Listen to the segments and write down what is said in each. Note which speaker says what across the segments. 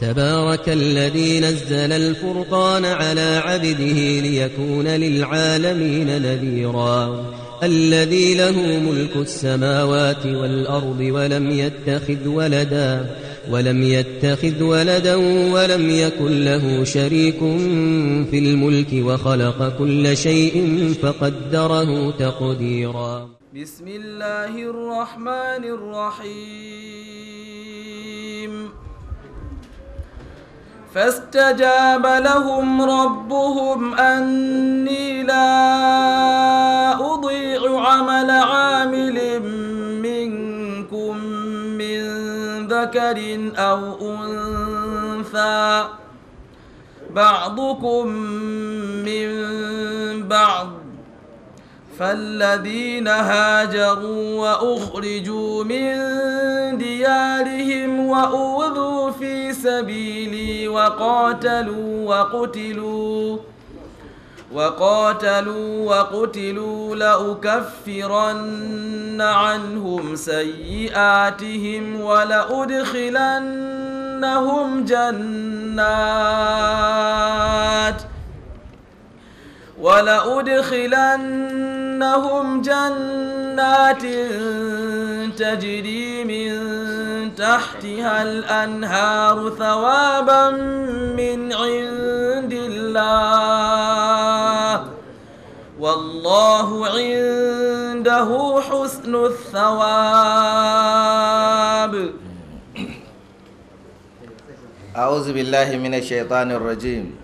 Speaker 1: تبارك الذي نزل الفرقان على عبده ليكون للعالمين نذيرا الذي له ملك السماوات والأرض ولم يتخذ ولدا ولم يتخذ ولدا ولم يكن له شريك في الملك وخلق كل شيء فقدره تقديرا بسم الله الرحمن الرحيم فاستجاب لهم ربهم أني لا أضيع عمل عامل منكم من ذكر أو أنثى بعضكم من بعض فالذين هاجروا واخرجوا من ديارهم واوذوا في سبيلي وقاتلوا وقتلوا وقاتلوا وقتلوا لأكفرن عنهم سيئاتهم ولأدخلنهم جنات ۖ ولأدخلنهم جنات تجري من تحتها الأنهار ثوابا من عند الله والله عنده حسن الثواب
Speaker 2: أعوذ بالله من الشيطان الرجيم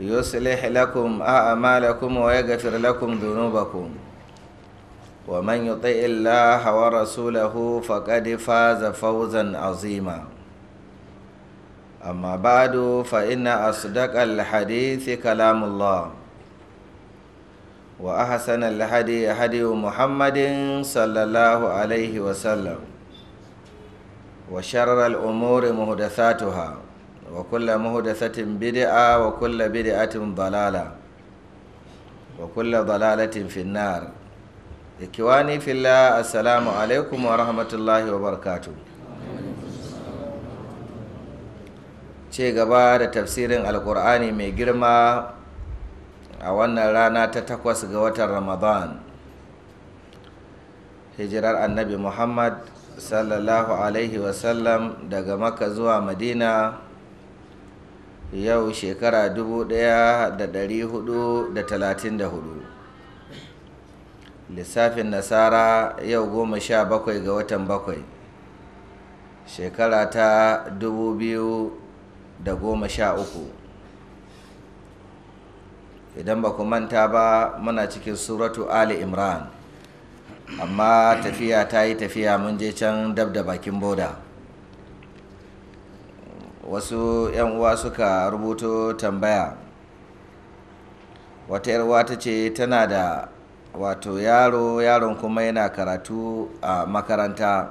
Speaker 2: يصلح لكم أعمالكم ويغفر لكم ذنوبكم ومن يطع الله ورسوله فقد فاز فوزا عظيما أما بعد فإن أصدق الحديث كلام الله وأحسن الهدي هدي محمد صلى الله عليه وسلم وشر الأمور محدثاتها wa kulla muhdathatin bid'a wa kulla bid'atin dalala wa kulla dalalatin finnar ikiwani fillah assalamu alaikum wa rahmatullahi wa barakatuh ce gaba da tafsirin alkur'ani mai girma a wannan rana ta takwas ga watan ramadan hijirar annabi muhammad sallallahu alaihi wasallam daga maka zuwa madina yau shekara 1434 lissafin nasara yau 17 ga watan bakwai shekara ta 2013 idan ba ku manta ba muna cikin suratu ali imran amma tafiya ta yi tafiya mun je can dab da bakin boda wasu 'yan uwa suka rubuto tambaya wata yarwa ta ce tana da wato yaro yaron kuma yana karatu a makaranta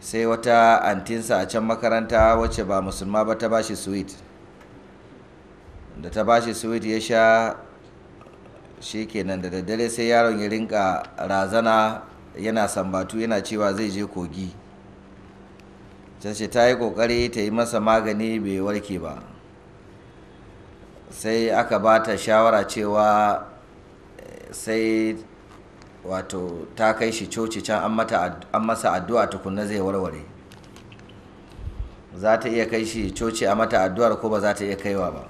Speaker 2: sai wata antinsa a can makaranta wacce ba musulma ba ta bashi sweet da ta bashi sweet ya sha shi kenan da daddare sai yaron ya rinka razana yana sambatu yana cewa zai je kogi can ce ta yi kokari ta yi masa magani bai warke ba sai aka ba ta shawara cewa eh, sai wato ta kai shi coci can an masa addu'a tukunna zai warware za ta iya kai shi coci a mata addu'ar ko ba za ta iya kaiwa ba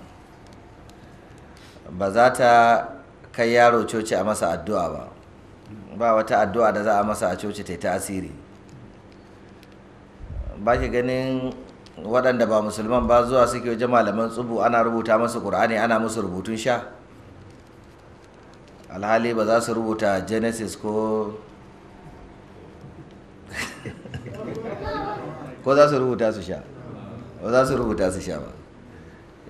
Speaker 2: ba za ta kai yaro coci a masa addu'a ba ba wata addu'a da za a masa a coci ta yi ta asiri ba ki ganin waɗanda ba musulman ba zuwa suke waje malaman tsubu ana rubuta masu ƙur'ani ana musu rubutun sha alhali ba za su rubuta genesis ko ko za su rubuta su sha ba za su rubuta su sha ba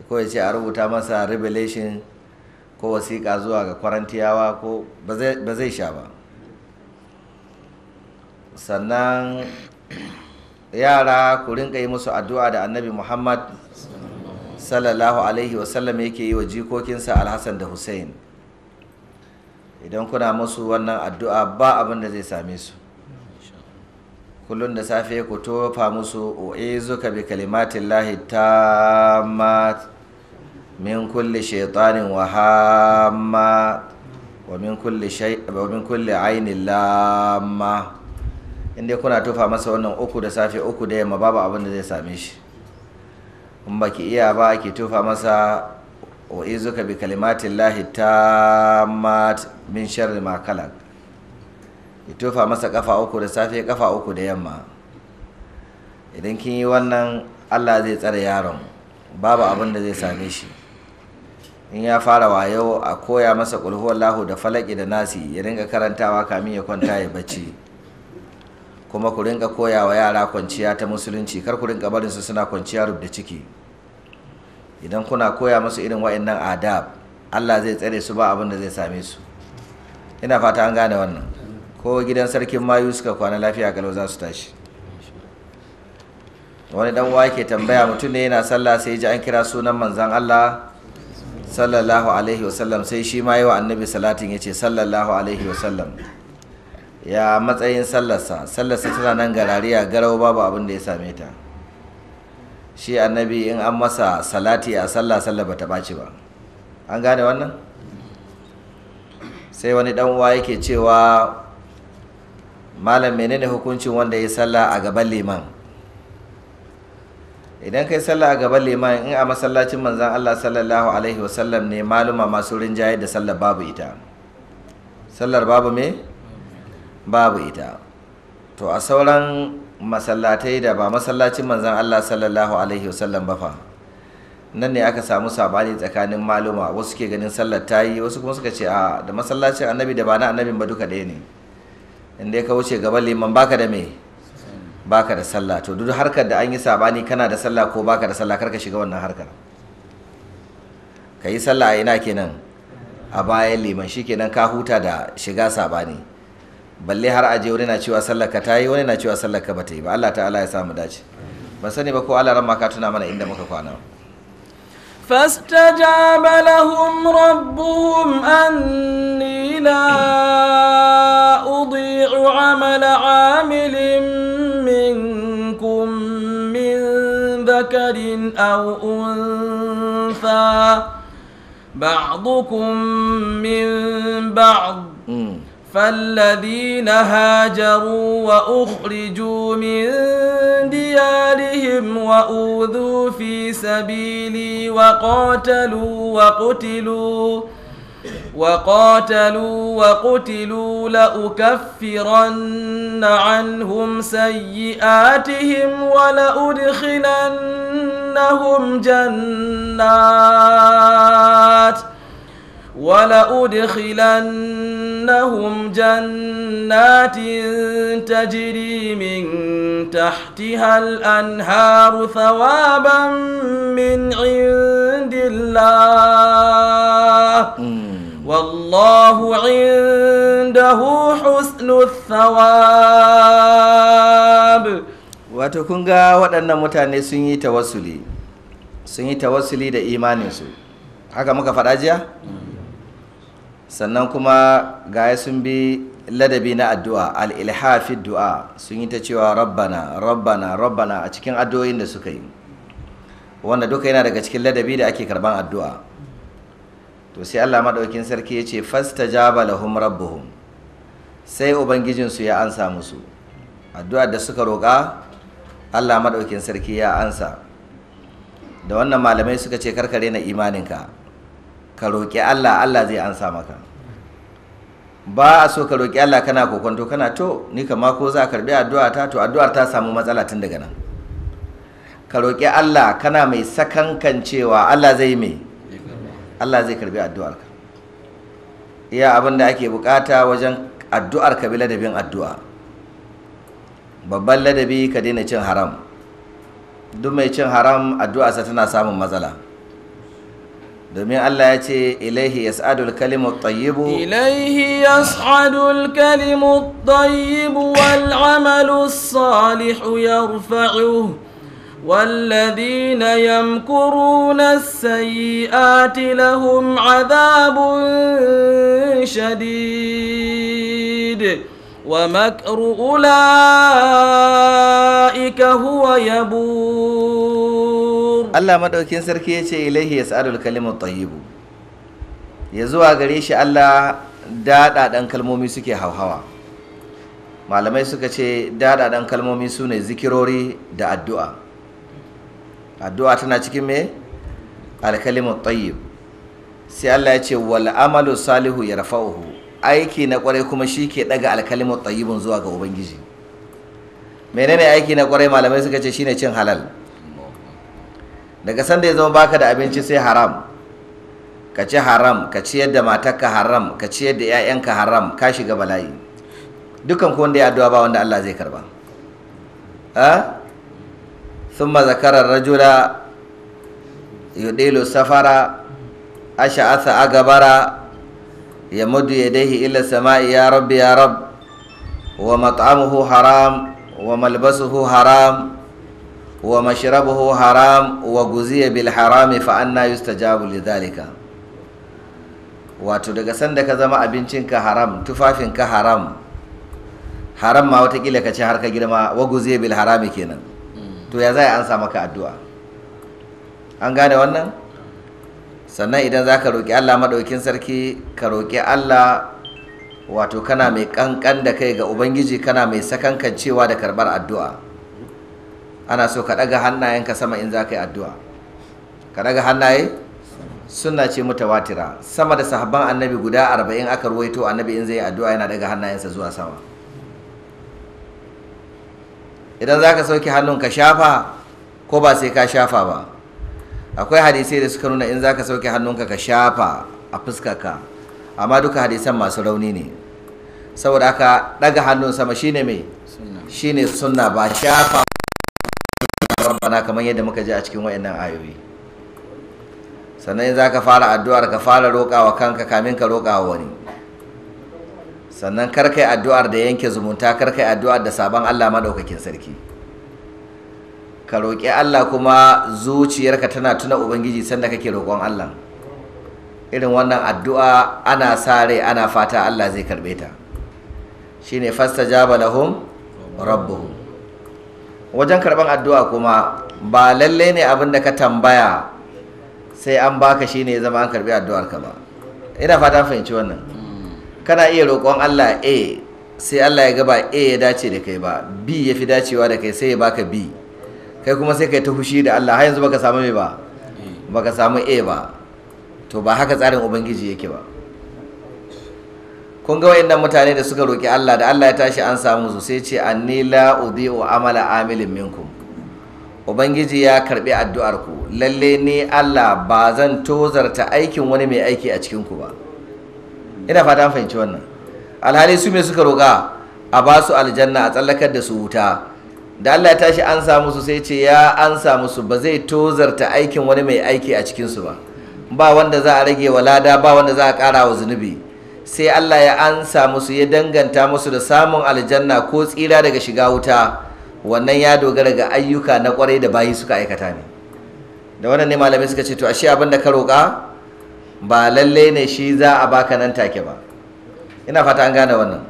Speaker 2: ko ya ce a rubuta masa revelation ko wasiƙa zuwa ga kwarantiyawa ko ba zai sha ba sannan yara ku rinka yi musu addu'a da annabi muhammad sallallahu alaihi wasallam yake yi wa jikokinsa alhassan da hussein idan kuna musu wannan addu'a ba abin da zai same su kullum da safe ku tofa musu zuka bi kalimatin lahi ma min kulle shaitanin wa wa min kulle ainin lamma inda kuna tufa masa wannan uku da safe uku da yamma babu abin da zai same shi in ba ki iya ba ki tufa masa wa izuka bi kalimatin lahi ta min sharri ma kalak ki tufa masa kafa uku da safe kafa uku da yamma idan kin yi wannan allah zai tsare yaron babu abin da zai same shi in ya fara wayo a koya masa kulhuwallahu da falaki da nasi ya ringa karantawa kamin ya kwanta ya bacci kuma ku rinka koya wa yara kwanciya ta musulunci kar ku rinka barin su suna kwanciya rubda ciki idan kuna koya musu irin wa'annan adab Allah zai tsare su ba abin da zai same su ina fata an gane wannan ko gidan sarkin mayu suka kwana lafiya galau za su tashi wani dan uwa ke tambaya mutum ne yana sallah sai ji an kira sunan manzon Allah sallallahu alaihi wasallam sai shi ma yi wa annabi salatin yace sallallahu alaihi wasallam ya matsayin sallarsa sallarsa tana nan garariya garau babu abin da ya same ta shi annabi in an masa salati a sallah sallah bata ɓaci ba an gane wannan sai wani dan uwa yake cewa malam menene hukuncin wanda ya sallah a gaban liman idan kai sallah a gaban liman in a masallacin manzan Allah sallallahu alaihi wasallam ne maluma masu rinjaye da sallar babu ita sallar babu me babu ita to a sauran masallatai da ba masallacin manzan Allah sallallahu alaihi wasallam ba fa nan ne aka samu sabani tsakanin maluma wasu ke ganin sallar ta yi wasu kuma suka ce a da masallacin annabi da ba na annabin ba duka ɗaya ne inda ya wuce gaba liman baka da me baka da sallah to duk harkar da an yi sabani kana da sallah ko baka da sallah karka shiga wannan harkar ka yi sallah a ina kenan a bayan liman shikenan ka huta da shiga sabani balle har a wani na cewa sallaka ta yi wani na cewa sallaka ba ta yi ba Allah ta'ala ya samu dace ban sani ba ko Allah ran ka tuna mana inda muka kwana
Speaker 1: فاستجاب لهم ربهم أني لا أضيع عمل عامل منكم من ذكر أو أنثى بعضكم من بعض فالذين هاجروا واخرجوا من ديارهم واوذوا في سبيلي وقاتلوا وقتلوا وقاتلوا وقتلوا لأكفرن عنهم سيئاتهم ولأدخلنهم جنات ۖ ولأدخلنهم جنات تجري من تحتها الأنهار ثوابا من عند الله والله عنده حسن
Speaker 2: الثواب واتكونغا ودنا متاني سنيي توسلي sun yi tawassuli da imaninsu haka muka faɗa jiya sannan kuma ga ya sun bi ladabi na addu'a al'ilhafi du'a sun yi ta cewa rabbana rabbana rabbana a cikin addu'o'in da suka yi wanda duka yana daga cikin ladabi da ake karban addu'a to sai allah maɗaukin sarki ya ce fasta jaba lahum rabbuhum sai ubangijinsu ya ansa musu addu'a da suka roƙa allah maɗaukin sarki ya ansa da wannan malamai suka ce karkare na imaninka ka roƙi Allah Allah zai ansa maka ba a so ka roƙi Allah kana kokonto kana to ni kama ko za karbi addu'a ta to addu'ar ta samu matsala tun daga nan ka roƙi Allah kana mai sakankan cewa Allah zai mai Allah zai karbi ka. iya abin da ake bukata wajen addu'ar ka bi ladabin addu'a babban ladabi ka daina cin haram duk mai cin haram addu'arsa tana samun matsala دمين الله يأتي إليه يسعد الكلم الطيب إليه يسعد الكلم
Speaker 1: الطيب والعمل الصالح يرفعه والذين يمكرون السيئات لهم عذاب شديد
Speaker 2: ومكر أولئك هو يبور Allah madaukin sarki ya ce ilaihi yas'alul kalimatu tayyibu ya zuwa gare shi Allah daɗaɗan kalmomi suke hauhawa malamai suka ce daɗaɗan kalmomi su ne zikirori da addu'a addu'a tana cikin me alkalimat tayyib sai Allah ya ce wal amalu salihu yarfa'uhu aiki na ƙwarai kuma shi ke ɗaga alkalimat tayyibun zuwa ga ubangiji menene aiki na ƙwarai malamai suka ce shine cin halal daga sanda ya zama baka da abinci sai haram ka ci haram ka ci yadda matarka haram ka ci yadda 'ya'yanka haram ka shiga bala'i dukan ko wanda ya addu'a ba wanda Allah zai karba a thumma zakara rajula yudilu safara asha'atha agabara yamuddu yadayhi ila samai ya rabbi ya rabb wa mat'amuhu haram wa malbasuhu haram wa mashrabuhu haram wa guziya bil harami fa anna yustajabu lidhalika wato daga sanda ka zama abincinka haram tufafinka haram haram ma watakila ka ci har ka girma wa guziya bil harami kenan to ya za an ansa maka addu'a an gane wannan sannan idan za ka roƙi allah maɗaukin sarki ka roƙi allah wato kana mai ƙanƙan da kai ga ubangiji kana mai sakankan cewa da karɓar addu'a ana so ka daga hannayenka sama in za ka yi addu'a ka daga hannaye suna ce mutawatira sama da sahabban annabi guda arba'in aka ruwaito annabi in zai yi addu'a yana daga hannayensa zuwa sama idan za ka sauke hannun ka shafa ko ba sai ka shafa ba akwai hadisai da suka nuna in za ka sauke hannunka ka shafa a fuskarka amma duka hadisan masu rauni ne saboda aka daga hannun sama shine mai shine sunna ba shafa rabbana kamar yadda muka ji a cikin wayannan ayoyi sannan za ka fara addu'ar ka fara wa kanka kamin ka wa wani sannan kar kai addu'ar da yanke zumunta kar kai addu'ar da sabon Allah madaukakin sarki ka roƙi Allah kuma zuciyarka tana tuna ubangiji sanda kake roƙon Allah irin wannan addu'a ana sa rai ana fata Allah zai karbe ta shine fastajaba lahum rabbuhum wajen karban addu'a kuma ba lalle ne abin da ka tambaya sai an baka shine ya zama an karbi addu'ar ka ba ina fata fahimci wannan hmm. kana iya roƙon Allah A sai Allah ya gaba A ya dace da kai ba B ya fi dacewa da kai sai ya baka B kai kuma sai kai ta fushi da Allah har yanzu baka samu me ba baka samu A ba to ba haka tsarin ubangiji yake ba kun ga wayannan mutane da suka roki Allah da Allah ya tashi an samu su sai ce anni la udhi'u amala amilin minkum ubangiji ya karbi addu'ar ku lalle ni Allah ba zan tozarta aikin wani mai aiki a cikin ku ba ina fata an fahimci wannan alhali su me suka roka a ba su aljanna a tsallakar da su wuta da Allah ya tashi an samu su sai ce ya an samu su ba zai tozarta aikin wani mai aiki a cikinsu ba ba wanda za a rage wa lada ba wanda za a ƙara wa zunubi sai Allah ya ansa musu ya danganta musu da samun aljanna ko tsira daga shiga wuta wannan ya dogara ga ayyuka na kwarai da bayi suka aikata ne da wannan ne malamai suka ce to ashe abin da ka roƙa ba lalle ne shi za a baka nan take ba ina fata an gane wannan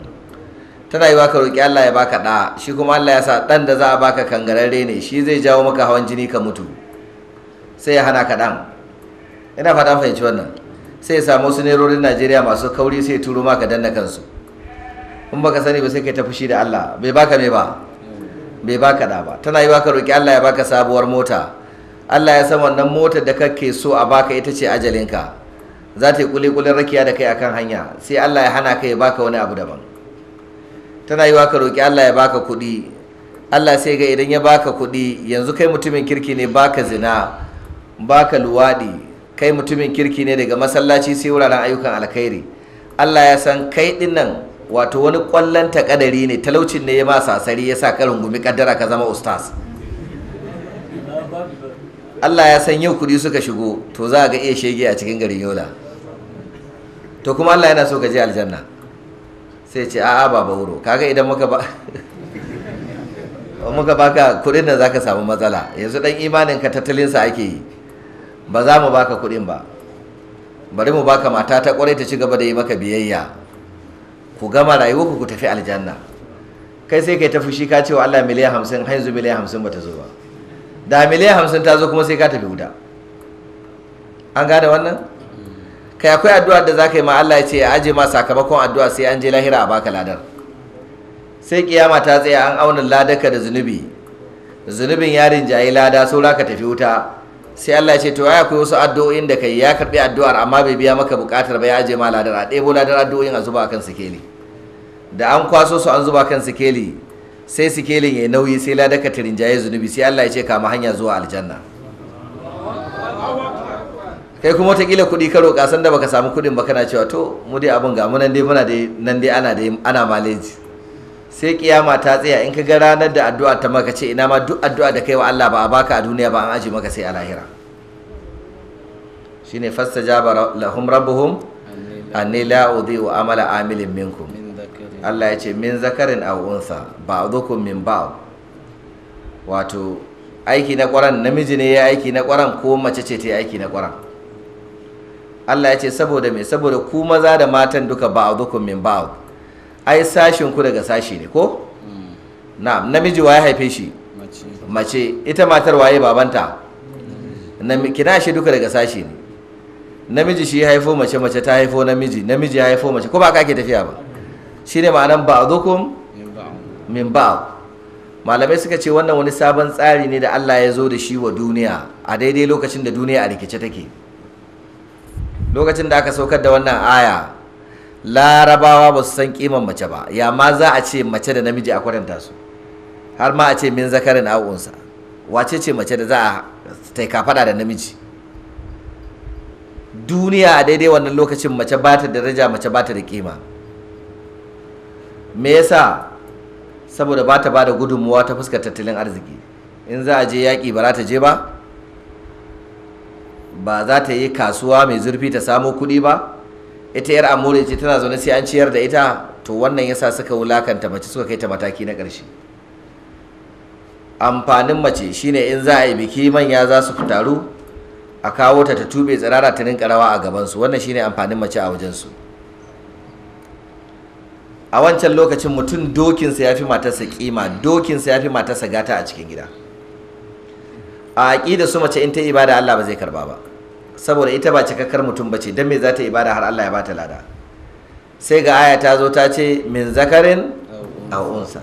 Speaker 2: tana yi ka roƙi Allah ya baka da shi kuma Allah ya sa ɗan da za a baka kangararre ne shi zai jawo maka hawan jini ka mutu sai ya hana ka dan ina fata fahimci wannan sai ya samu su nerorin najeriya masu kauri sai ya turo maka danna kansu in baka sani ba sai kai ta fushi da allah bai baka me ba bai baka da ba tana yi baka roƙi allah ya baka sabuwar mota allah ya san wannan motar da kake so a baka ita ce ajalinka za ta yi kulikulin rakiya da kai akan hanya sai allah ya hana ka ya baka wani abu daban tana yi baka roƙi allah ya baka kuɗi allah sai ga idan ya baka kuɗi yanzu kai mutumin kirki ne baka zina baka luwaɗi kai mutumin kirki ne daga masallaci sai wuraren ayyukan alkhairi Allah ya san kai din nan wato wani kwallon takadari ne talaucin ne ya ma sasari ya sa karin gumi kaddara ka zama ustaz Allah ya san yau kudi suka shigo to za ga iya shege a cikin garin yola to kuma Allah yana so ka je aljanna sai ce a'a baba wuro kaga idan muka ba muka baka kudin da zaka samu matsala yanzu dan imanin ka tattalinsa ake yi ba za mu baka kuɗin ba bari mu baka mata ta ƙwarai ta ci gaba da yi maka biyayya ku gama rayuwarku ku tafi aljanna kai sai kai ta fushi ka ce wa Allah miliyan hamsin haizu miliyan hamsin bata zo ba da miliyan hamsin ta zo kuma sai ka tafi wuta an gane wannan kai akwai addu'a da za ka yi ma Allah ya ce ya aje ma sakamakon addu'a sai an je lahira a baka ladar sai kiyama ta tsaya an auna ladaka da zunubi zunubin yarin jayi lada saura ka tafi wuta sai Allah ya ce to ya akwai wasu addu'o'in da kai ya karbi addu'ar amma bai biya maka bukatar ba ya je ma ladar a ɗebo ladar addu'o'in a zuba kan sikeli da an kwaso su an zuba kan sikeli sai sikelin ya nauyi sai ladar ta rinjaye zunubi sai Allah ya ce kama hanya zuwa aljanna kai kuma wataƙila kuɗi ka roƙa san da baka samu kuɗin ba kana cewa to mu dai abin ga mu nan dai muna dai nan dai ana dai ana maleji sai kiyama ta tsaya in ka ga ranar da addu'a ta maka ce ina ma duk addu'a da kai wa Allah ba a baka a duniya ba an aji maka sai a lahira shine fasta jaba lahum rabbuhum anni la udhi'u amala amilin minkum Allah ya ce min zakarin aw unsa ba'dukum min ba'd wato aiki na ƙwaran namiji ne ya aiki na ƙwaran ko mace ce ta yi aiki na ƙwaran Allah ya ce saboda me saboda ku maza da matan duka ba'dukum min ba'd ai sashin ku daga sashi ne ko na'am namiji waye haife shi mace ita matar waye babanta kina shi duka daga sashi ne namiji shi haifo mace mace ta haifo namiji namiji ya haifo mace ko ba ka ke tafiya ba Shi ne ma'anan ba'dukum min ba'd malamai suka ce wannan wani sabon tsari ne da Allah ya zo da shi wa duniya a daidai lokacin da duniya a rikice take lokacin da aka saukar da wannan aya larabawa ba su san kiman mace ba ya ma za a ce mace da namiji a kwaranta su har ma a ce min zakarin awunsa wace ce mace da za a ta kafada da namiji duniya a daidai wannan lokacin mace ba ta daraja mace ba ta da kima me yasa saboda ba ta ba da gudunmuwa ta fuskar tattalin arziki in za a je yaƙi ba za ta je ba ba za ta yi kasuwa mai zurfi ta samo kuɗi ba ita yar amore ce tana zaune sai an ciyar da ita to wannan yasa suka wulakanta mace suka kai ta mataki na ƙarshe amfanin mace shine in za a yi biki manya za su taru a kawo ta ta tube tsirara ta rinka rawa a gabansu wannan shine amfanin mace a wajensu a wancan lokacin mutum dokinsa ya fi matarsa kima dokinsa ya fi matarsa gata a cikin gida a aƙida su mace in ta ibada Allah ba zai karba ba saboda ita ba cikakkar mutum ba ce dan me za ta bada har Allah ya bata lada sai ga aya ta zo ta ce min zakarin a unsa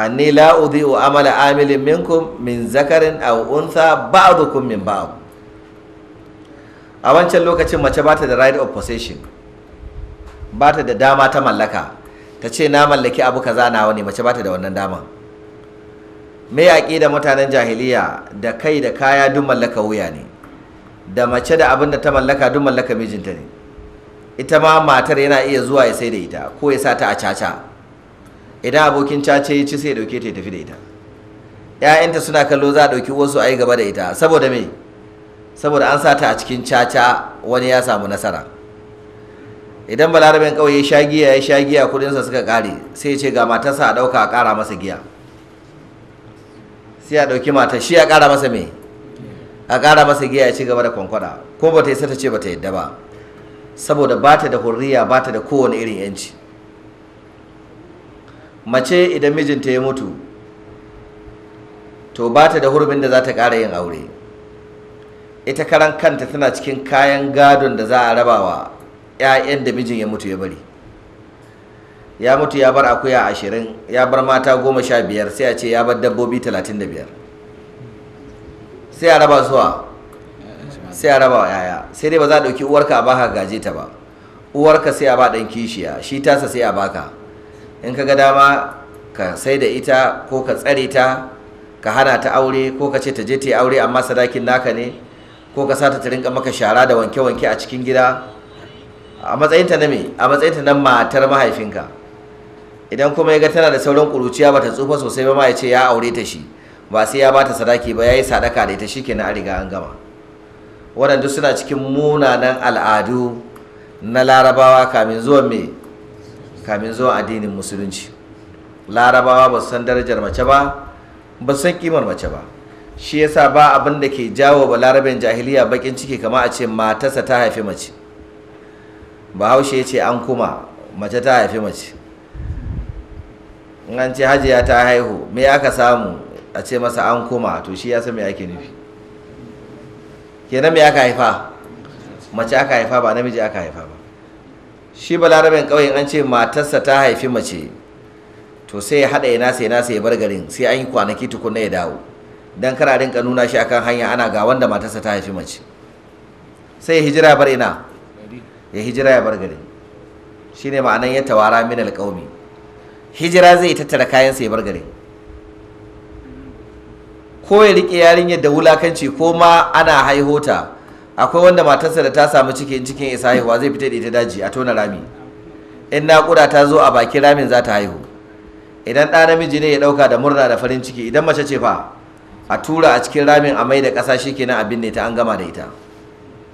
Speaker 2: anni la udhi'u amala amilin minkum min zakarin a unsa dukun min ba? a wancan lokacin mace bata da right of possession bata da dama ta mallaka ta ce na mallaki abu kaza nawa ne mace bata da wannan dama me yaƙi da mutanen jahiliya da kai da kaya duk mallaka wuya ne da mace da abin da ta mallaka duk mallaka mijinta ne ita ma matar yana iya zuwa ya sai da ita ko ya sa ta a caca idan abokin caca ya ci sai ya dauke ta ya tafi da ita ‘ya'yanta suna kallo za a ɗauki wasu a yi gaba da ita saboda me saboda an sa ta a cikin caca wani ya samu nasara idan balarabin ƙauye ya sha giya ya sha giya kudinsa suka ƙare sai ya ce ga matarsa a ɗauka a ƙara masa giya sai a ɗauki matar shi a ƙara masa me a ƙara masa giya ya ci gaba da kwankwada ko ba ta yi ta ce ba ta yadda ba saboda ba ta da hurriya ba ta da kowane irin yanci mace idan mijinta ya mutu to ba ta da hurumin da za ta ƙara yin aure ita karan kanta tana cikin kayan gadon da za a rabawa 'ya'yan da mijin ya mutu ya bari ya mutu ya bar akuya ashirin ya bar mata goma sha biyar sai a ce ya bar dabbobi talatin da biyar sai a raba zuwa sai a raba yaya sai dai ba za a ɗauki uwarka a baka gaje ta ba uwarka sai a ba ɗan kishiya shi tasa sai a baka in ka ga dama ka sai da ita ko ka tsare ta ka hana ta aure ko ka ce ta je ta yi aure amma sadakin naka ne ko ka sata ta rinka maka shara da wanke-wanke a cikin gida a matsayin ta na me a matsayin ta na matar mahaifinka idan kuma ya ga tana da sauran kuruciya ba ta tsufa sosai ba ma ya ce ya aure ta shi ba sai ya bata sadaki ba ya yi sadaka da ita shikenan an riga an gama waɗanda suna cikin munanan al'adu na larabawa kamin zuwan me kamin zuwan addinin musulunci larabawa ba san darajar mace ba ba san kimar mace ba shi yasa ba abin da ke jawo ba larabin jahiliya bakin ciki kama a ce matarsa ta haifi mace bahaushe ya ce an kuma mace ta haifi mace in an ce hajiya ta haihu me aka samu a ce masa an koma to shi ya san me ake nufi kenan me aka haifa mace aka haifa ba namiji aka haifa ba shi balarabin ƙauyen an ce matarsa ta haifi mace to sai ya haɗa ya nasa ya nasa ya bar garin sai an yi kwanaki tukunna ya dawo dan kana rinka nuna shi akan hanya ana ga wanda matarsa ta haifi mace sai ya hijira bar ina ya hijira ya bar garin shine ma'anan ya tawara min alƙaumi hijira zai tattara kayan sai ya bar garin ko ya rike yarinya da wulakanci ko ma ana haihota akwai wanda matarsa da ta samu cikin cikin isa haihuwa zai fita da ita daji a tona rami in naƙuda ta zo a baki ramin za ta haihu idan ɗa namiji ne ya ɗauka da murna da farin ciki idan mace ce fa a tura a cikin ramin a mai da ƙasa shi kenan abin ne ta an gama da ita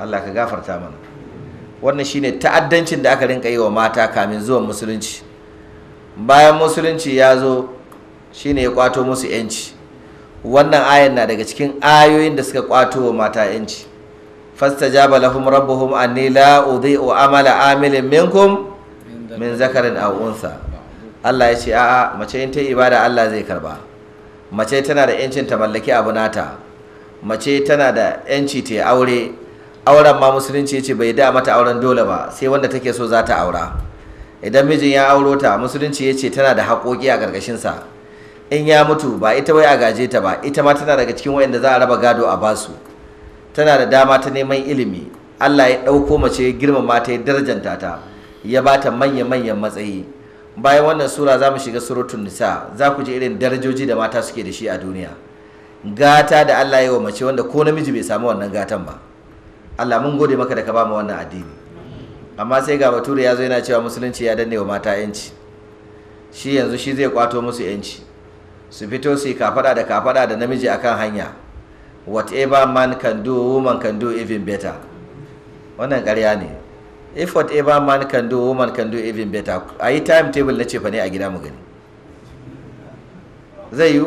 Speaker 2: allah ka gafarta mana wannan shine ta'addancin da aka rinka yi wa mata kamin zuwan musulunci bayan musulunci ya zo shine ya kwato musu yanci wannan ayan na daga cikin ayoyin da suka kwato wa mata yanci fastajaba lahum rabbuhum anni la udhi'u amala amilin minkum min zakarin aw unsa Allah ya ce a'a mace in ta ibada Allah zai karba mace tana da yancin ta mallaki abu nata mace tana da yanci ta aure auren ma musulunci ce bai da mata auren dole ba sai wanda take so za ta aura idan mijin ya aurota, musulunci ya ce tana da haƙoƙi a ƙarƙashinsa in ya mutu ba ita wai a gaje ta ba ita ma tana daga cikin wayanda za a raba gado a basu tana da dama ta neman ilimi Allah ya ɗauko mace girmama ta ya darajanta ta ya ba ta manya-manyan matsayi bayan wannan sura za mu shiga surutun nisa za ku ji irin darajoji da mata suke da shi a duniya gata da Allah ya wa mace wanda ko namiji bai samu wannan gatan ba Allah mun gode maka da ka ba mu wannan addini amma sai ga bature ya zo yana cewa musulunci ya danne wa mata yanci shi yanzu shi zai kwato musu yanci su fito su kafada da kafada da namiji akan hanya whatever man can do woman can do even better wannan ƙarya ne if whatever man can do woman can do even better a yi timetable na cefa ne a gida mu gani zai yi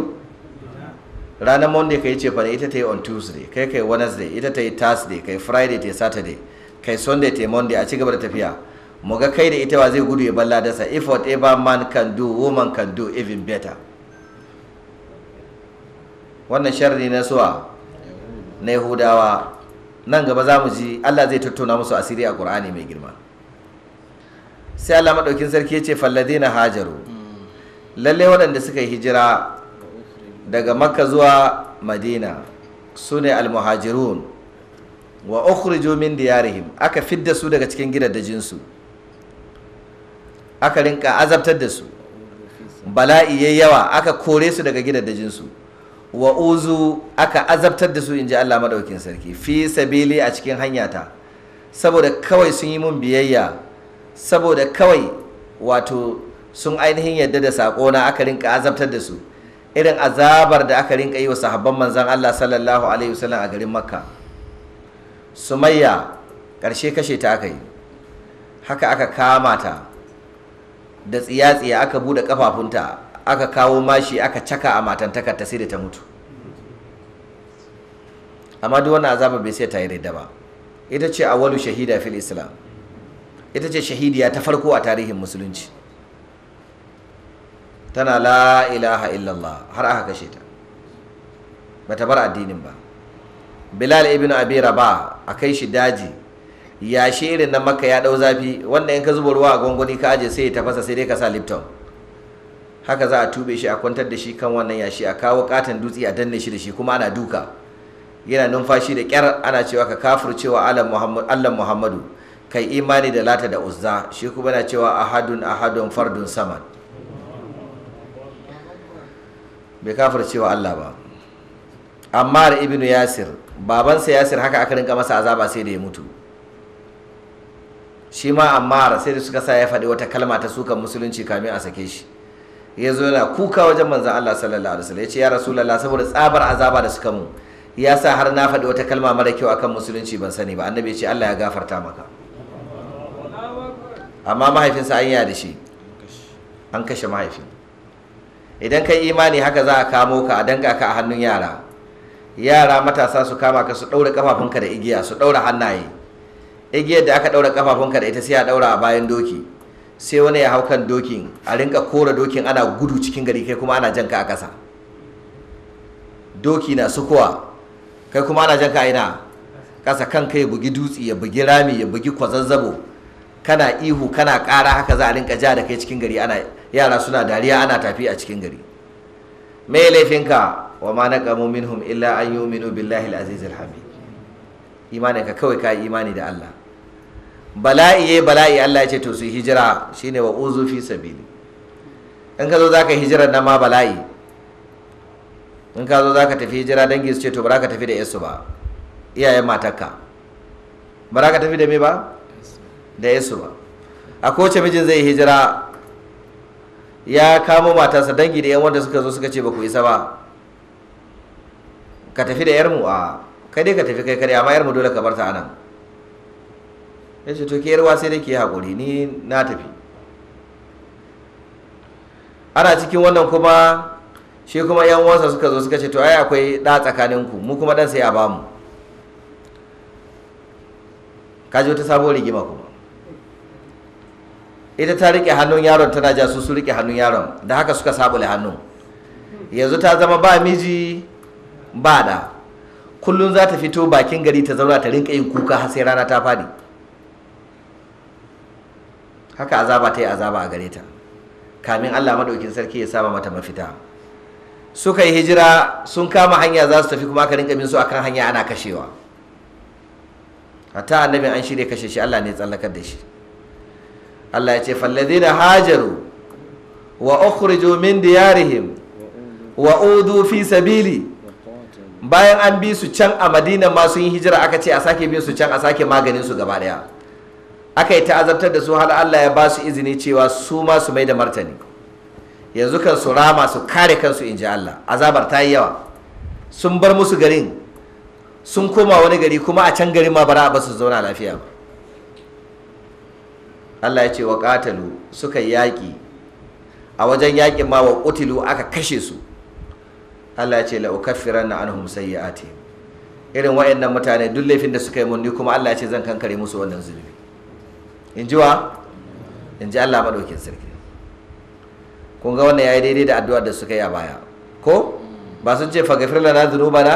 Speaker 2: ranar monday ka yi cefa ne ita ta yi on tuesday kai kai wednesday ita ta yi thursday kai friday ta yi saturday kai sunday ta yi monday a cigaba da tafiya mu ga kai da ita wa zai gudu ya balla dasa if whatever man can do woman can do even better wannan sharri na suwa na yahudawa nan gaba za mu ji allah zai tattauna musu asiri a ƙur'ani mai girma sai allah maɗaukin sarki ya ce fallade na hajaru hmm. lalle waɗanda suka yi hijira daga makka zuwa madina su ne almuhajirun wa ukhrijo min diyarihim aka fidda su daga cikin gidajensu aka rinka azabtar da su bala'i yayi yawa aka kore su daga gidajensu wa uzu aka azabtar da su in ji Allah madaukin sarki fi sabili a cikin hanyata saboda kawai sun yi mun biyayya saboda kawai wato sun ainihin yadda da sako na aka rinka azabtar da su irin azabar da aka rinka yi wa sahabban manzan Allah sallallahu alaihi wasallam a garin Makka Sumayya ƙarshe kashe ta aka yi haka aka kama ta da tsiya-tsiya aka bude kafafunta aka kawo mashi aka caka a matantakar ta sai da ta mutu amma duk wannan azaba bai sai ta yi ridda ba ita ce awalu shahida fil islam ita ce shahidiya ta farko a tarihin musulunci tana la ilaha illallah har aka kashe ta bata bar addinin ba bilal ibn abi raba a kai shi daji yashi irin na makka ya dau zafi wanda in ka zuba ruwa a gwangwani ka aje sai ya tafasa sai dai ka sa lipton haka za a tube shi a kwantar da shi kan wannan yashi a kawo katon dutse a danne shi da shi kuma ana duka yana numfashi da kyar ana cewa ka kafir cewa allah muhammadu kai imani da lata da uzza shi kuma na cewa ahadun ahadun fardun saman bai kafir cewa allah ba ammar ibnu yasir babansa yasir haka aka rinka masa azaba sai da ya mutu shi ma ammar sai da suka sa ya faɗi wata kalma ta sukan musulunci kamin a sake shi ya zo yana kuka wajen manzan Allah sallallahu alaihi wasallam ya ce ya rasulullah saboda tsabar azaba da suka mu ya sa har na faɗi wata kalma mara kyau akan musulunci ban sani ba annabi ya ce Allah ya gafarta maka amma mahaifinsa an yi da shi an kashe mahaifin idan kai imani haka za a kamo ka a danga ka a hannun yara yara matasa su kama ka su ɗaure kafafunka da igiya su ɗaure hannaye igiyar da aka daura kafafunka da ita sai a ɗaura a bayan doki sai wani ya hau kan dokin a rinka kora dokin ana gudu cikin gari kai kuma ana jan ka a ƙasa doki na sukuwa kai kuma ana jan ka ina ƙasa kan kai bugi dutsi ya bugi rami ya bugi kwazazzabo kana ihu kana ƙara haka za a rinka ja da kai cikin gari ana yara suna dariya ana tafi a cikin gari me laifinka wa ma naqamu minhum illa an yu'minu billahi al-aziz al-hamid kawai ka imani da Allah bala'i ya bala'i Allah ya ce to su hijira shine wa uzu fi sabili in ka zo za ka hijira na ma bala'i in ka zo za ka tafi hijira dangi su ce to ba ka tafi da yasu ba iyayen matarka ba ka tafi da me ba da yasu ba a kowace mijin zai hijira ya kamo matarsa dangi da yan wanda suka zo suka ce ba ku isa ba ka tafi da yarmu a kai dai ka tafi kai kare amma yarmu dole ka bar ta anan ya ce to ke yarwa sai dai ke haƙuri ni na tafi ana cikin wannan kuma shi kuma yan wasa suka zo suka ce to ai akwai ɗa tsakaninku mu kuma ɗan sai a bamu ka ji wata sabuwar rigima kuma ita ta rike hannun yaron tana ja su su riƙe hannun yaron da haka suka sabule hannun yanzu ta zama ba miji ba da kullum za ta fito bakin gari ta zauna ta rinka yin kuka sai rana ta faɗi haka azaba ta yi azaba a gare ta kamin Allah madaukin sarki ya sama mata mafita suka yi hijira sun kama hanya za su tafi kuma aka rinka bin su akan hanya ana kashewa hatta annabin an shirya kashe shi Allah ne tsallakar da shi Allah ya ce da hajaru wa ukhriju min diyarihim wa udu fi sabili bayan an bi su can a Madina ma sun hijira aka ce a sake bin su can a sake maganin su gaba daya aka yi ta'azartar da su har Allah ya ba su izini cewa su ma su mai da martani yanzu kan su rama su kare kansu in ji Allah azabar ta yi yawa sun bar musu garin sun koma wani gari kuma a can garin ma bara ba su zauna lafiya ba Allah ya ce wa katalu suka yaƙi a wajen yaƙin ma wa kutilu aka kashe su Allah ya ce la na anhum sayyi'atihim irin wa'annan mutane duk laifin da suka yi mun ni kuma Allah ya ce zan kankare musu wannan zulmi in ji wa in ji Allah maɗaukin sarki kun ga wannan yi daidai da addu'ar da suka yi a baya ko ba sun ce fagafir lana na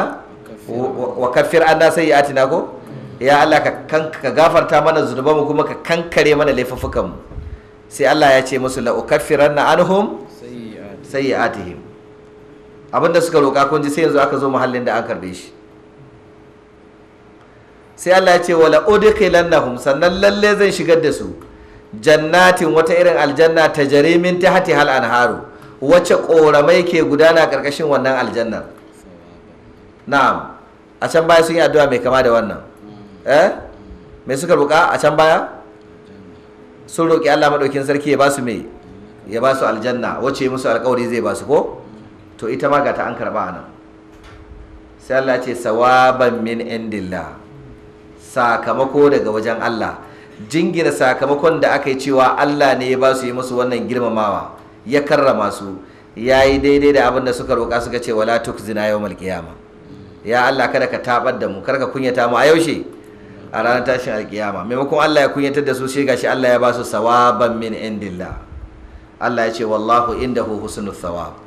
Speaker 2: wa kafir an sai ya atina ko ya Allah ka gafarta mana zunubanmu kuma ka kankare mana laifuffukan mu sai Allah ya ce musu sai ukaffiranna anhum sayyi'atihim abinda suka roƙa kun ji sai yanzu aka zo muhallin da an karbe shi sai Allah ya ce wala udkhilannahum sannan lalle zan shigar da su jannatin wata irin aljanna ta jarimin ta hati hal anharu wacce koramai ke gudana karkashin wannan aljannar na'am a can baya sun yi addu'a mai kama da wannan eh me suka roƙa a can baya sun roƙi Allah madaukin sarki ya ba su me ya ba su aljanna wacce musu alƙawari zai ba su ko to ita ma ga ta an karba anan sai Allah ya ce sawaban min indillah sakamako daga wajen Allah jingina sakamakon da aka yi cewa Allah ne ya ba su yi musu wannan girmamawa ya karrama su ya yi daidai da abin da suka roƙa suka ce wala zina yau qiyama ya Allah kada ka tabar da mu kada ka kunyata mu a yaushe a ranar tashin alkiyama maimakon Allah ya kunyatar da su shi gashi Allah ya ba su sawaban min indillah Allah ya ce wallahu indahu husnul thawab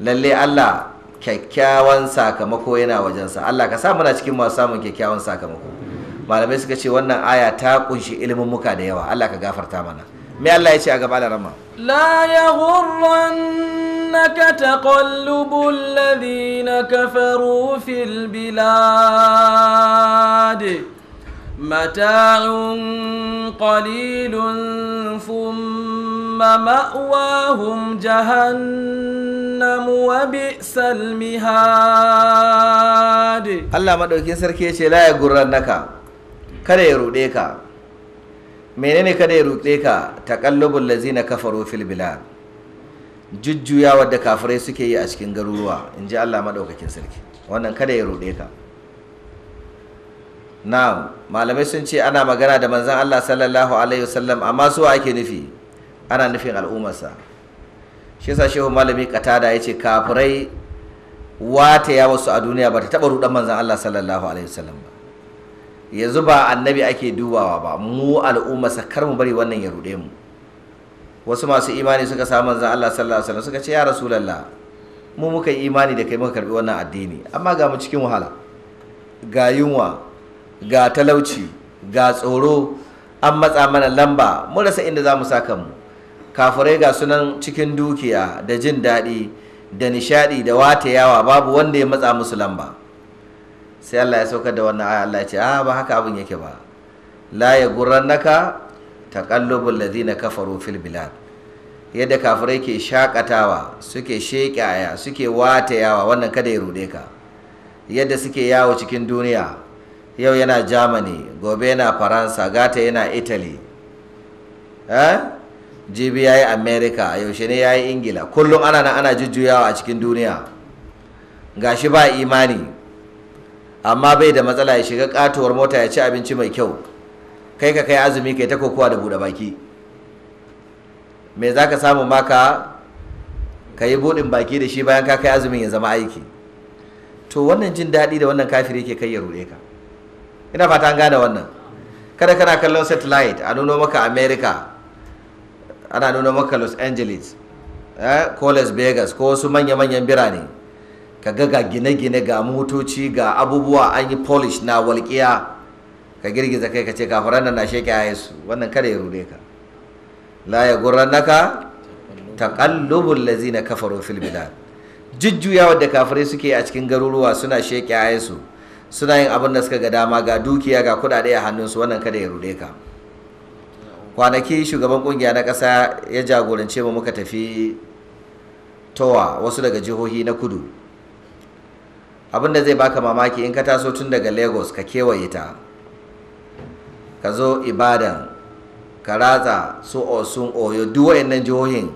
Speaker 2: lalle Allah kyakkyawan sakamako yana wajensa Allah ka sa muna cikin masu samun kyakkyawan sakamako malamai suka ce wannan aya ta kunshi ilimin muka da yawa Allah ka gafarta mana me Allah ya ce a gaba da rama
Speaker 1: la yaghurrannaka taqallubul ladina kafaru fil bilad متاع قليل ثم مأواهم جهنم
Speaker 2: وبئس المهاد الله ce la ya لا naka. kada ya ruɗe ka menene kada ya ruɗe ka taqallubul ladzina kafaru fil bilad Jujjuya wadda kafirai suke yi a cikin garuruwa inji Allah madaukakin sarki wannan kada ya ruɗe ka na'am malamai sun ce ana magana da manzon Allah sallallahu alaihi wasallam amma su ake nufi ana nufin al'ummarsa shi yasa shehu malami katada yace kafirai wata ya wasu a duniya ba ta taba rudan manzon Allah sallallahu alaihi wasallam ba yanzu ba annabi ake dubawa ba mu al'umma sakar mu bari wannan ya rude mu wasu masu imani suka samu zan Allah sallallahu alaihi suka ce ya rasulullah mu muka imani da kai muka karbi wannan addini amma ga mu cikin wahala ga yunwa ga talauci ga tsoro an matsa mana lamba mu rasa inda za mu saka mu kafirai ga sunan cikin dukiya da jin daɗi da nishaɗi da watayawa babu wanda ya matsa musu lamba sai Allah ya saukar da wannan aya Allah ya ce a ah, ba haka abin yake ba la ya gurrannaka taqallubul ladina kafaru fil bilad yadda kafirai ke shakatawa suke sheke aya suke watayawa wannan kada ya rude ka yadda suke yawo cikin duniya yau yana Germany gobe yana Faransa gata yana Italy eh jibi yayi America yaushe ne yayi Ingila kullum ana nan ana jujjuyawa a cikin duniya gashi ba imani amma bai da matsala ya shiga katuwar mota ya ci abinci mai kyau kai ka kai azumi kai ta kokowa da buɗe baki me za ka samu maka ka yi buɗin baki da shi bayan ka kai azumin ya zama aiki to wannan jin daɗi da wannan kafiri ke kai ya ruɗe ka ina fata an gane wannan kada kana kallon satellite a nuno maka america ana nuno maka los angeles eh, ko las vegas ko wasu manya-manyan birane ka ga ga gine-gine ga motoci ga abubuwa an yi polish na walƙiya ka girgiza kai ka ce kafaran nan na sheke a yesu wannan kada ya rure ka la ya gurrannaka taqallubul ladzina kafaru fil bilad Jujjuya da kafirai suke a cikin garuruwa suna sheke a yesu suna yin abin da suka ga dama ga dukiya ga kuɗaɗe a hannunsu wannan kada ya rure ka kwanaki shugaban kungiya na ƙasa ya jagorance mu muka tafi towa wasu daga jihohi na kudu abin da zai baka mamaki in ka taso tun daga lagos ka kewaye ta ka zo ibadan ka ratsa su osun oyo duwa nan jihohin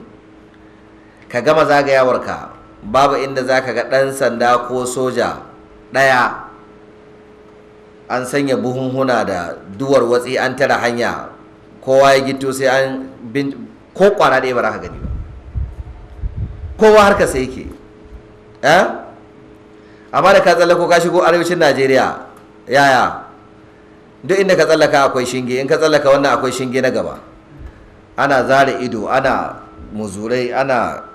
Speaker 2: ka gama zagayawarka babu inda za ka ga ɗan sanda ko soja ɗaya an sanya buhunhuna da duwar watsi an tara hanya kowa ya gito sai an bin ko kwana ɗaya ba za ka gani ba kowa harka sai ke amma da ka tsallako ka shigo arewacin najeriya yaya duk inda ka tsallaka akwai shinge in ka tsallaka wannan akwai shinge na gaba ana zare ido ana muzurai ana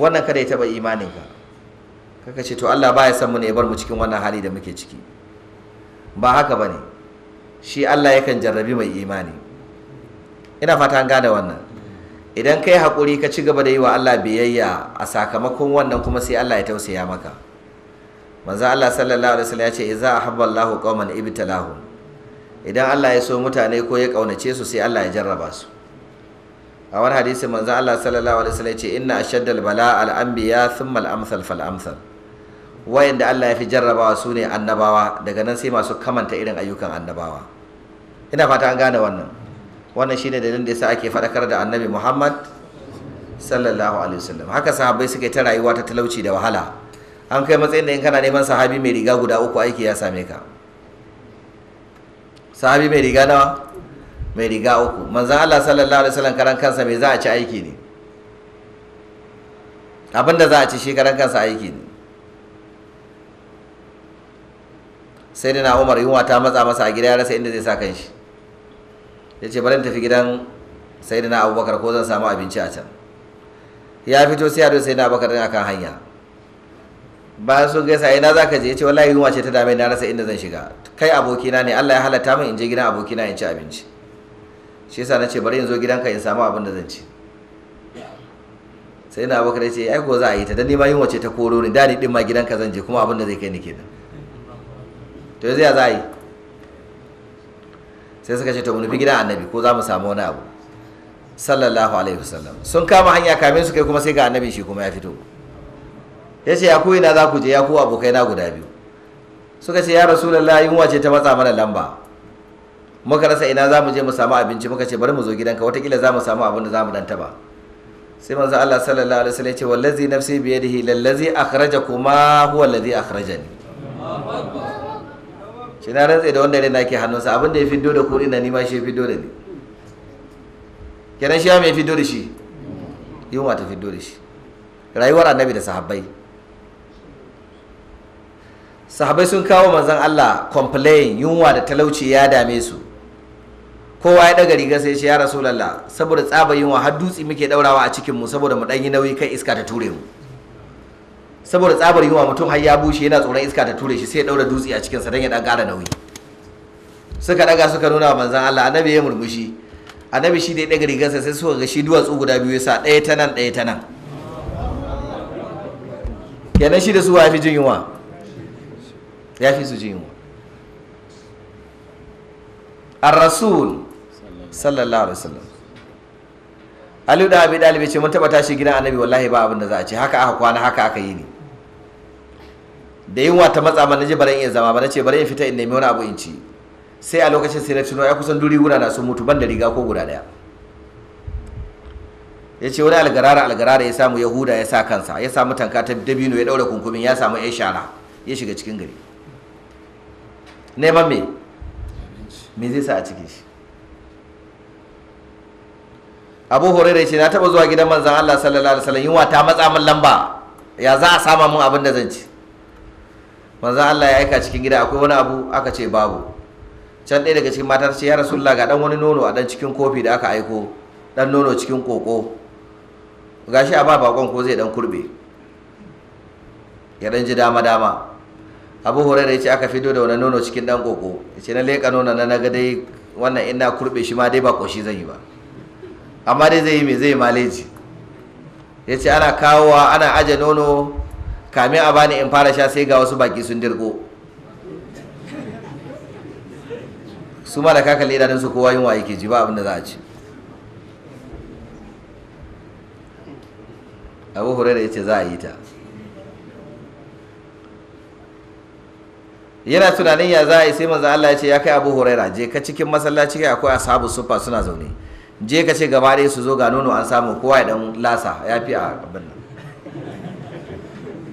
Speaker 2: wannan kada ya taba imaninka kaka ce to Allah baya san mu ne ya bar mu cikin wannan hali da muke ciki ba haka ba ne shi Allah yakan jarrabi mai imani ina fata an gane wannan idan ka yi hakuri ka ci gaba da yi wa Allah biyayya a sakamakon wannan kuma sai Allah ya tausaya maka manzo Allah sallallahu alaihi wasallam ya ce idza ahabba Allahu qauman ibtalahu idan Allah ya so mutane ko ya kaunace su sai Allah ya jarraba su a wani hadisi manzo Allah sallallahu alaihi wasallam ya ce inna ashaddal bala al anbiya thumma al amsal fal amsal wayanda Allah ya fi jarrabawa su ne annabawa daga nan sai masu kamanta irin ayyukan annabawa ina fata an gane wannan wannan shine dalilin da yasa ake faɗakar da annabi muhammad sallallahu alaihi wasallam haka sahabbai suke ta rayuwa ta talauci da wahala an kai matsayin da in kana neman sahabi mai riga guda uku aiki ya same ka sahabi mai riga nawa mai riga uku manzan allah sallallahu alaihi wasallam karan kansa mai za a ci aiki ne abinda za a ci shi karan kansa aiki ne sai na umar yunwa ta matsa masa a gida ya rasa inda zai sa kan shi ya ce bari tafi gidan na abubakar ko zan samu abinci a can ya fito sai ya sai na abubakar din akan hanya bayan sun gaisa ina za ka je ya ce wallahi yunwa ce ta dame na rasa inda zan shiga kai abokina ne allah ya halatta min in je gidan abokina in ci abinci shi yasa na ce bari in zo gidanka in samu abin da zan ci sai na abubakar ya ce ai ko za a yi ta dan nima yunwa ce ta koro ni da ni din ma gidanka zan je kuma abin da zai kai ni kenan to yanzu ya za a yi sai suka ce to mu nufi gidan annabi ko za mu samu wani abu sallallahu alaihi wasallam sun kama hanya kamin su kai kuma sai ga annabi shi kuma ya fito ya ce ya koyi ina za ku je ya kowa abokai na guda biyu suka ce ya rasulullah yunwa ce ta matsa mana lamba muka rasa ina za mu je mu samu abinci muka ce bari mu zo gidanka watakila za mu samu abin da za mu dan taba sai manzo Allah sallallahu alaihi wasallam ya ce wallazi nafsi biyadihi lallazi akhrajakuma huwa allazi akhrajani shi na rantsa da wanda raina ke hannunsa abin da ya fiddo da kuɗi na nima shi ya fiddo da ni kenan shi ya mai fiddo da shi yunwa ta fiddo da shi rayuwar annabi da sahabbai sahabbai sun kawo manzan Allah complain yunwa da talauci ya dame su kowa ya daga riga sai ce ya lalla saboda tsaba yunwa har dutse muke daurawa a cikin mu saboda mu dan yi nauyi kai iska ta ture mu saboda tsabar yunwa mutum har ya bushe yana tsoron iska ta ture shi sai ya daura dutse a cikinsa don ya dan ƙara nauyi suka daga suka nuna wa manzan Allah annabi ya murmushi annabi shi da ya daga rigarsa sai suka ga shi duwatsu guda biyu yasa ɗaya ta nan ɗaya ta nan kenan shi da su ya fi jin yunwa ya fi su jin yunwa ar-rasul sallallahu alaihi wasallam Aliyu da Abi Dalib ce mun taba tashi gidan Annabi wallahi ba abin da za a ce haka aka kwana haka aka yi ne da yunwa ta matsa mana je bari in iya zama ba nace bari in fita in nemi wani abu in ci sai a lokacin sai na tuno ya kusan duri guda na sun mutu ban da riga ko guda daya ya ce wani algarara algarara ya samu yahuda ya sa kansa ya samu tanka ta dabino ya daura kunkumin ya samu ya shara ya shiga cikin gari neman me me zai sa a ciki shi abu hurairah ce na taba zuwa gidan manzan allah sallallahu alaihi wasallam yunwa ta matsa min lamba ya za a sama min abin da zan ci manzo Allah ya aika cikin gida akwai wani abu aka ce babu can ɗaya daga cikin matar ce ya rasulullah ga dan wani nono a dan cikin kofi da aka aiko dan nono cikin koko gashi a ba bakon ko zai dan kurbe ya dan ji dama dama abu da ya ce aka fito da wani nono cikin dan koko ya ce na leƙa nono na ga dai wannan ina kurbe shi ma dai ba koshi zan yi ba amma dai zai yi me zai maleji ya ce ana kawowa ana aje nono kamin a bani in fara sha sai ga wasu baki sun dirko su ma da ka kalli su kowa waye ke ji ba abin da za a ci abu da ya ce za a yi ta yana tunanin ya za a yi sai manzo Allah ya ce ya kai abu da je ka cikin masallaci kai akwai asabu sufa suna zaune je ka ce gaba ɗaya su zo ga nono an samu kowa ya dan lasa ya fi a abin nan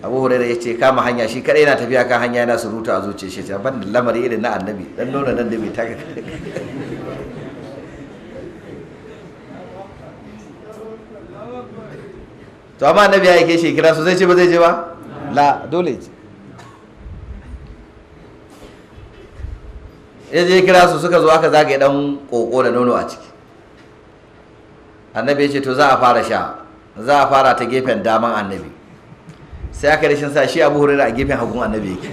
Speaker 2: abu hurairah ya ce kama hanya shi kadai yana tafiya kan hanya yana surutu a zuciya shi ta ban lamari irin na annabi dan nuna nan da bai taka to amma annabi ya yake shi kira su zai ce ba zai je ba la dole ce ya je kira su suka zo aka zagaye dan koko da nono a ciki annabi ya ce to za a fara sha za a fara ta gefen daman annabi sai aka rashin sa shi abu hurira a gefen hagun annabi yake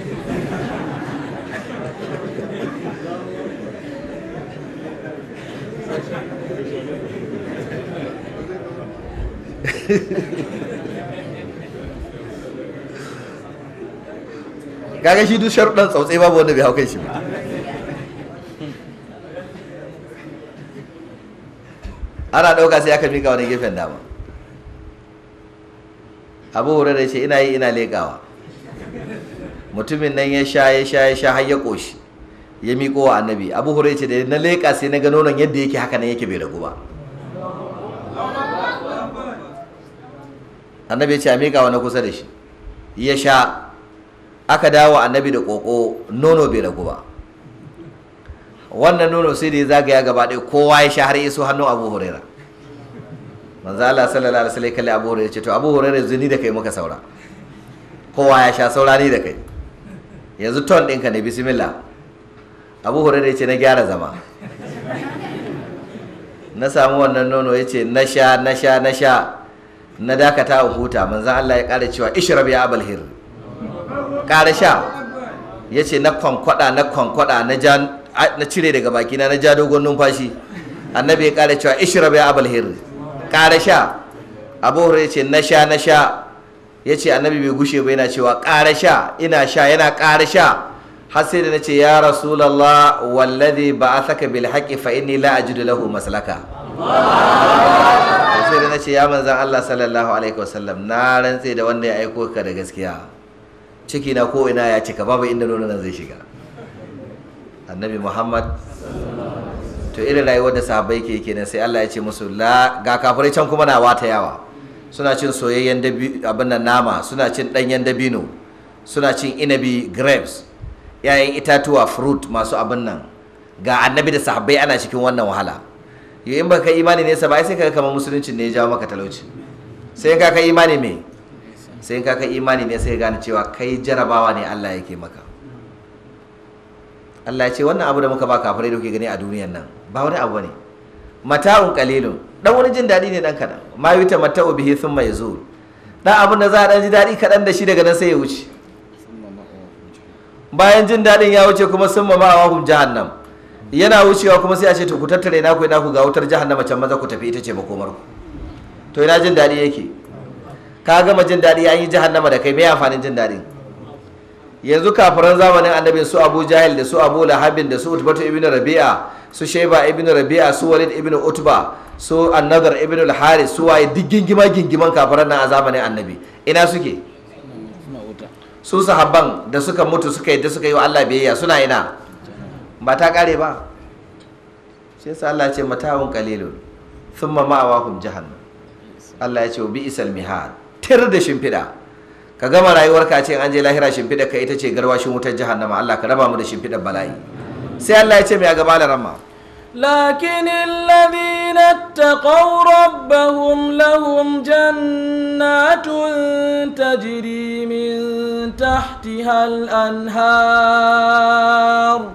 Speaker 2: kaga shi duk sharuɗan tsautsai babu wanda bai hau kai shi ba ana ɗauka sai aka mika wani gefen dama abu hurairah ce ina yi ina leƙawa mutumin nan ya sha ya sha ya sha har ya koshi ya miƙo wa annabi abu hurairah ce da na leƙa sai na ga nonon yadda yake haka nan yake bai ragu ba annabi ya ce a miƙa wani kusa da shi ya sha aka dawo annabi da ƙoƙo nono bai ragu ba wannan nono sai da ya zagaya gaba ɗaya kowa ya sha har iso hannun abu huraira manzo Allah sallallahu alaihi wasallam kalle Abu Hurairah ce to Abu Hurairah zuni da kai muka saura kowa ya sha saura ni da kai yanzu ton ɗinka ne bismillah Abu Hurairah ce na gyara zama na samu wannan nono ya ce na sha na sha na sha na dakata a huta manzo Allah ya ƙara cewa ishrab ya abul hir ƙara sha ya ce na kwankwada na kwankwada na cire daga bakina na ja dogon numfashi annabi ya ƙara cewa ishrab ya abul hir ƙara sha abu hurairah ce na sha na sha ya ce annabi bai gushe ba yana cewa ƙara sha ina sha yana ƙara sha har sai da na ce ya rasulallah wallazi ba a saka bil haƙi fa inni la ajidu lahu maslaka sai da na ce ya manzan Allah sallallahu alaihi wasallam na rantse da wanda ya aiko ka da gaskiya ciki na ko ina ya cika babu inda nonon zai shiga annabi muhammad to irin rayuwar da sahabbai ke kenan sai Allah ya ce musu la ga kafirai can kuma na wata yawa suna cin soyayyen abin nan nama suna cin danyen dabino suna cin inabi grapes yayin itatuwa fruit masu abin nan ga annabi da sahabbai ana cikin wannan wahala yo in baka imani ne ba sai kaga kamar musulunci ne ya jawo maka talauci sai ka kai imani me sai ka kai imani ne sai gane cewa kai jarabawa ne Allah yake maka Allah ya ce wannan abu da muka ba kafirai da kuke gani a duniyar nan ba wani abu ne mata'un qalilun dan wani jin daɗi ne dan kaɗan ma yuta mata'u bihi thumma yazul dan abin da za a dan ji daɗi kaɗan da shi daga nan sai ya wuce bayan jin daɗin ya wuce kuma sun mama a hum jahannam yana wucewa kuma sai a ce to ku tattare na ku na ku ga wutar jahannama can maza ku tafi ita ce makomar ku to ina jin dadi yake ka gama jin dadi an yi jahannama da kai me amfanin jin daɗin yanzu kafiran zamanin annabin su abu jahil da su abu lahabin da su utbatu ibnu rabi'a su sheba ibn rabi'a su walid ibn utba su annadar ibn al-haris su waye duk gingima gingiman kafaran nan a zamanin annabi ina suke su sahabban da suka mutu suka yadda suka yi wa Allah biyayya suna ina ba ta kare ba sai sa Allah ce matawun qalilun thumma ma'awahum jahannam Allah ya ce bi isal mihad tir da shimfida ka gama rayuwarka ce an je lahira shimfida ka ita ce garwashin wutar jahannama Allah ka raba mu da shimfidar bala'i sai Allah ya ce mai gaba
Speaker 1: لكن الذين اتقوا ربهم لهم جنات تجري من تحتها الأنهار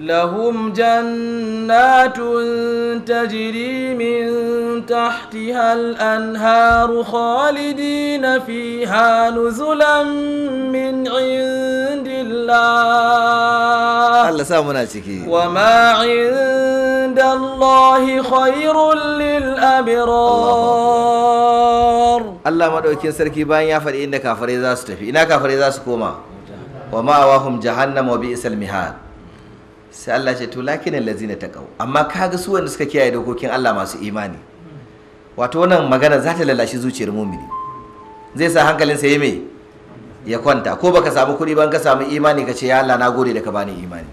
Speaker 1: لهم جنات تجري من تحتها الأنهار خالدين فيها نزلا من عند الله الله
Speaker 2: سامنا وما
Speaker 1: عند الله خير
Speaker 2: للأبرار الله ما دوكين سركي بان يافر إنك كافر إذا ستفي إنك كافر إذا سكوما وما وهم جهنم وبئس المهاد sai Allah ce to lakin allazina taqaw amma kaga su wanda suka kiyaye dokokin Allah masu imani wato wannan magana za ta lalashi zuciyar mumini zai sa hankalin sa me ya kwanta ko baka samu kuɗi ban ka samu imani ka ce ya Allah na gode da ka bani imani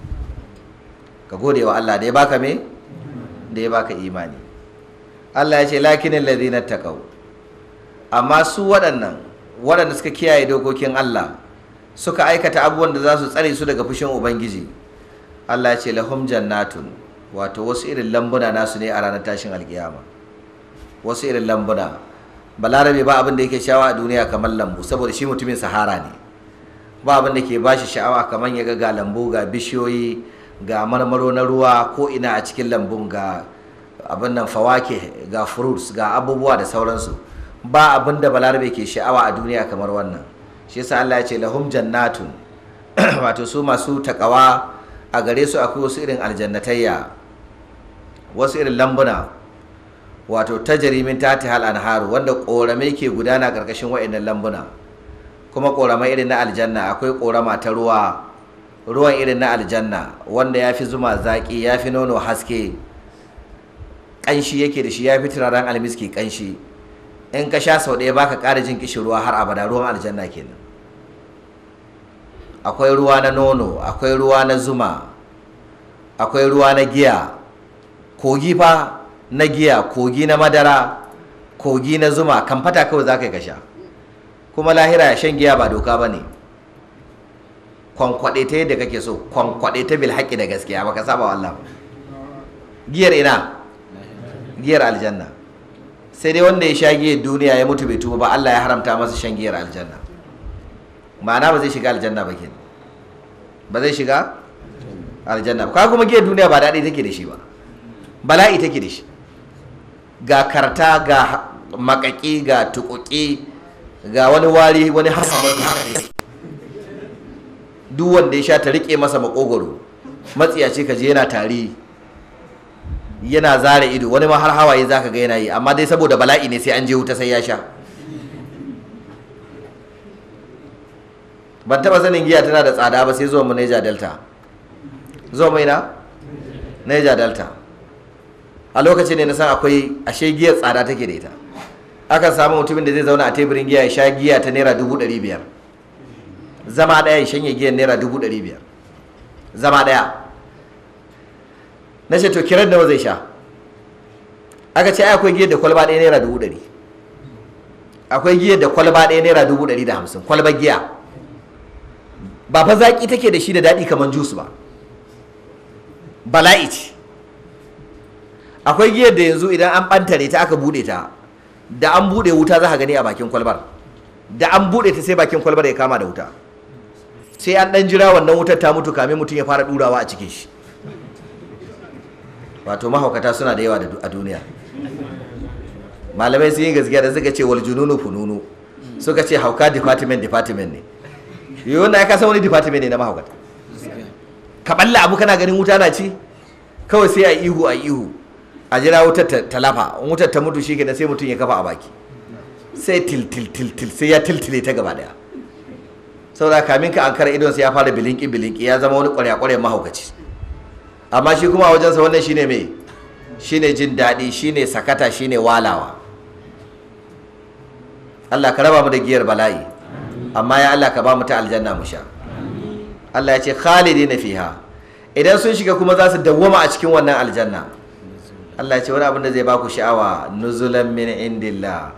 Speaker 2: ka gode wa Allah da ya baka me da ya baka imani Allah ya ce lakin allazina taqaw amma su waɗannan waɗanda suka kiyaye dokokin Allah suka aikata abubuwan da za su tsare su daga fushin Ubangiji Allah ya ce lahum jannatun wato wasu irin lambuna nasu ne a ranar tashin alkiyama wasu irin lambuna balarabe ba abin da yake shawa a duniya kamar lambu saboda shi mutumin sahara ne ba abin da ke ba shi sha'awa kamar ya ga lambu ga bishiyoyi ga marmaro na ruwa ko ina a cikin lambun ga abin nan fawake ga fruits ga abubuwa da sauransu ba abin da balarabe ke sha'awa a duniya kamar wannan shi yasa Allah ya ce lahum jannatun wato su masu takawa a gare su akwai wasu irin aljannatayya wasu irin lambuna wato tajarimin tati hal anharu wanda ƙoramai ke gudana ƙarƙashin wa'annan lambuna kuma ƙoramai irin na aljanna akwai ƙorama ta ruwa ruwan irin na aljanna wanda ya fi zuma zaƙi ya fi nono haske ƙanshi yake da shi ya fi turaren almiski ƙanshi in ka sha sau ɗaya baka ƙara jin kishin ruwa har abada ruwan aljanna kenan akwai ruwa na nono akwai ruwa na zuma akwai ruwa na giya kogi fa na giya kogi na madara kogi na zuma kan fata kawai za ka yi kasha kuma lahira ya shan giya ba doka ba ne kwankwaɗe ta yadda kake so kwankwaɗe ta bil haƙƙi da gaskiya ka saba wallah giyar ina giyar aljanna sai dai wanda ya sha giyar duniya ya mutu bai tuba ba Allah ya haramta masa shan giyar aljanna ma'ana ba zai shiga aljanna ba kenan ba zai shiga aljanna ba kuma giyar duniya ba daɗi take da shi ba bala'i take da shi ga karta ga makaki ga tukuki ga wani wari wani hasamar duk wanda ya sha ta rike masa makogoro matsiyaci ka je yana tari yana zara ido wani ma har hawaye zaka ga yana yi amma dai saboda bala'i ne sai an je wuta sai ya sha ban taba sanin giya tana da tsada ba sai zuwa mu Niger Delta zuwa mai na Niger Delta a lokacin ne na san akwai ashe giyar tsada take da ita akan samu mutumin da zai zauna a teburin giya ya sha giya ta naira dubu ɗari biyar zama ɗaya ya shanye giyar naira dubu ɗari biyar zama ɗaya na ce to kiran nawa zai sha aka ce ai akwai giyar da kwalba ɗaya naira dubu ɗari akwai giyar da kwalba ɗaya naira dubu ɗari da hamsin kwalba giya ba fa zaƙi take da shi da daɗi kamar jus ba bala'i ce akwai giyar da yanzu idan an ɓantare ta aka buɗe ta da an buɗe wuta za ka gani a bakin kwalbar da an buɗe ta sai bakin kwalbar ya kama da wuta sai an ɗan jira wannan wutar ta mutu kamin mutum ya fara ɗurawa a cikin shi wato mahaukata suna da yawa a duniya malamai sun yi gaskiya da suka ce wal fununu suka ce hauka department department ne yau eh, wannan ya kasa wani department ne na mahaukata ka balla abu kana ganin wuta na ci kawai sai a ihu a ihu a jira wutar ta lafa wutar ta mutu da sai mutum ya kafa a baki sai til til til til sai ya tiltile ta gaba daya saboda kamin ka ankara idon sai ya fara bilinki bilinki ya zama wani kwarya kwarya mahaukaci amma shi kuma a wajensa wannan shine mai shine jin daɗi shine sakata shine walawa Allah ka raba mu da giyar bala'i amma ya Allah ka ba mu ta aljanna mu sha Allah ya ce khalidina fiha idan sun shiga kuma za su dawwama a cikin wannan aljanna Allah ya ce wani abin da zai ba ku sha'awa nuzulan min indillah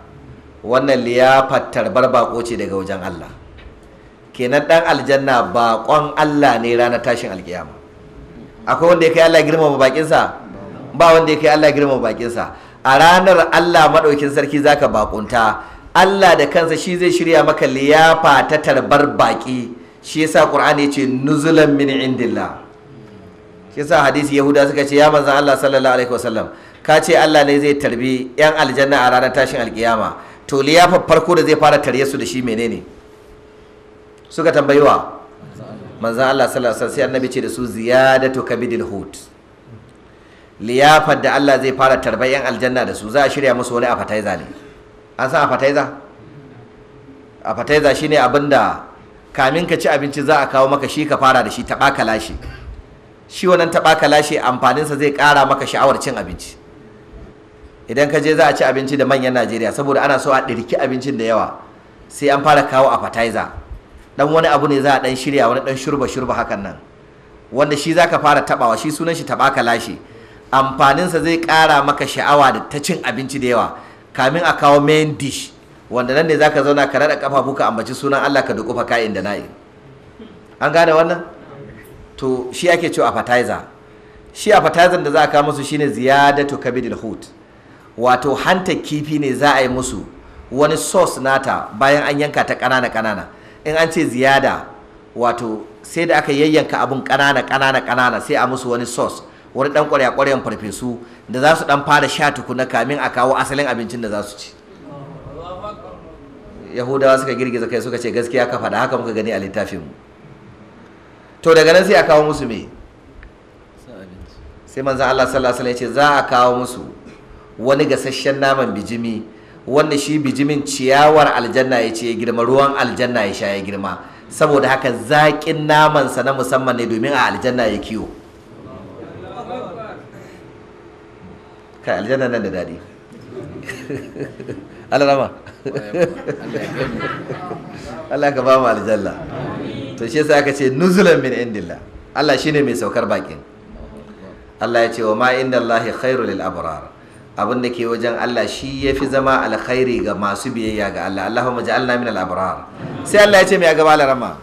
Speaker 2: wannan liyafar tarbar bako ce daga wajen Allah kenan dan aljanna bakon Allah ne ranar tashin alkiyama akwai wanda ya kai Allah girmama bakinsa ba wanda ya kai Allah girmama bakinsa a ranar Allah madaukin sarki zaka bakunta Allah da kansa shi zai shirya maka liyafa ta tarbar baki shi yasa Qur'ani yace nuzulan min indillah shi yasa hadisi Yahuda suka ce ya manzon Allah sallallahu alaihi wasallam ka ce Allah ne zai tarbi yan aljanna a ranar tashin alkiyama to liyafa farko da zai fara tarye su da shi menene suka tambayi wa manzon Allah sallallahu alaihi wasallam sai annabi ce da su ziyadatu kabidil hut liyafar da Allah zai fara tarbar yan aljanna da su za a shirya musu wani appetizer ne an san appetizer appetizer shine abin da kamin ka ci abinci za a kawo maka shi ka fara da shi taɓa kalashi shi wannan taɓa kalashi sa zai kara maka sha'awar cin abinci idan ka je za a ci abinci da manyan najeriya saboda ana so a ɗirki abincin da yawa sai an fara kawo appetizer dan wani abu ne za a dan shirya wani dan shurba shurba hakan nan wanda shi zaka fara tabawa shi sunan shi tabaka amfanin sa zai kara maka sha'awa da ta cin abinci da yawa kamin a kawo main dish wanda nan ne za ka zauna ka da kafafu ka ambaci sunan Allah ka dukufa ka'in da na'in an gane wannan to shi ake cewa appetizer shi appetizer da za a kawo musu shine ziyadatu kabidil hut wato hanta kifi ne za a yi musu wani sauce nata bayan an yanka ta kanana kanana in an ce ziyada wato sai da aka yayyanka abun kanana kanana kanana sai a musu wani sauce wani dan kwarya kwaryan farfesu da za su dan fara sha tukuna kamin a kawo asalin abincin da za su ci yahudawa suka girgiza kai suka ce gaskiya ka faɗa haka muka gani a littafin mu to daga nan sai a kawo musu me sai manzan Allah sallallahu alaihi wasallam ya ce za a kawo musu wani gasasshen naman bijimi wanda shi bijimin ciyawar aljanna ya ce ya girma ruwan aljanna ya sha ya girma saboda haka zaƙin namansa na musamman ne domin a aljanna ya kiwo kai aljanna nan da daɗi alarama Allah ka ba mu aljanna to shi yasa aka ce nuzulan min indillah Allah shine mai saukar bakin Allah ya ce wa ma inda Allah khairu lil abrar abin da ke wajen Allah shi ya fi zama alkhairi ga masu biyayya ga Allah Allahumma ja'alna min al abrar sai Allah ya ce mai gaba larama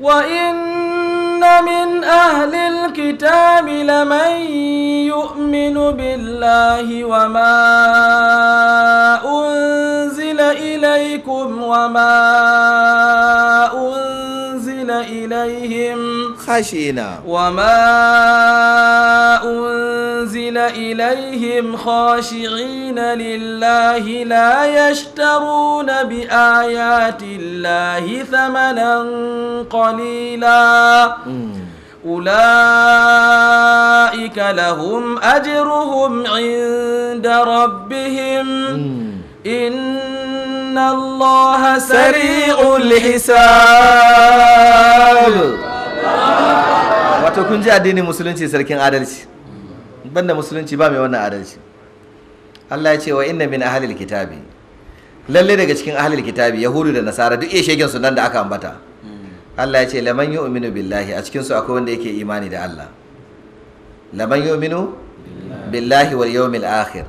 Speaker 1: wa inna min ahli al kitabi lamay يؤمن بالله وما أنزل إليكم وما أنزل إليهم
Speaker 2: خشينا وما
Speaker 1: أنزل إليهم خاشعين لله لا يشترون بآيات الله ثمنا قليلا أولئك لهم أجرهم عند ربهم إن الله سريع الحساب
Speaker 2: wato kun ji addinin musulunci sarkin adalci banda musulunci ba mai wannan adalci Allah ya ce wa inna min ahlil kitabi lalle daga cikin ahlil kitabi yahudu da nasara duk iya shegen sunan da aka ambata Allah ya ce laman yu'minu billahi a cikin su akwai wanda yake imani da Allah laman yu'minu billahi wal yawmil akhir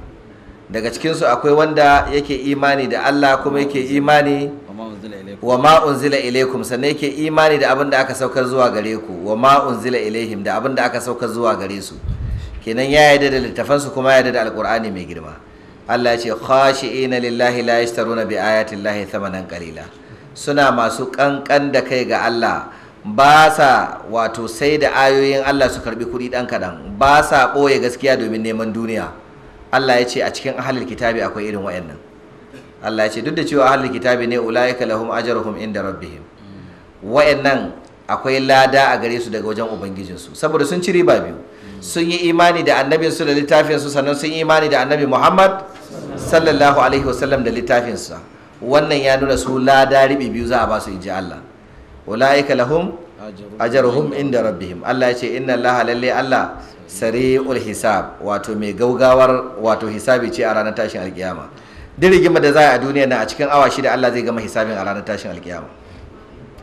Speaker 2: daga cikin su akwai wanda yake imani da Allah kuma yake imani wa ma unzila ilaikum sannan yake imani da abin da aka saukar zuwa gare ku wa ma unzila ilaihim da abin da aka saukar zuwa gare su kenan ya yarda da littafan su kuma ya yarda da alqur'ani mai girma Allah ya ce khashi'ina lillahi la yashtaruna bi ayati llahi thamanan qalila suna masu kankan da kai ga Allah ba sa wato sai da ayoyin Allah su karbi kuɗi ɗan kaɗan ba sa ɓoye gaskiya domin neman duniya Allah ya ce a cikin ahalil kitabi akwai irin wayannan Allah ya ce duk da cewa ahalil kitabi ne ulaika lahum ajruhum inda rabbihim wayannan akwai lada a gare su daga wajen ubangijinsu saboda sun ci riba biyu sun yi imani da annabinsu da littafinsu sannan sun yi imani da annabi Muhammad sallallahu alaihi wasallam da sa wannan ya nuna su lada ribi biyu za a ba su ji Allah ulaika lahum ajaruhum inda rabbihim Allah ya ce inna Allah lalle Allah sari'ul hisab wato mai gaugawar wato hisabi ce a ranar tashin alkiyama duk rigima da za a duniya na a cikin awa shida Allah zai gama hisabin a ranar tashin alkiyama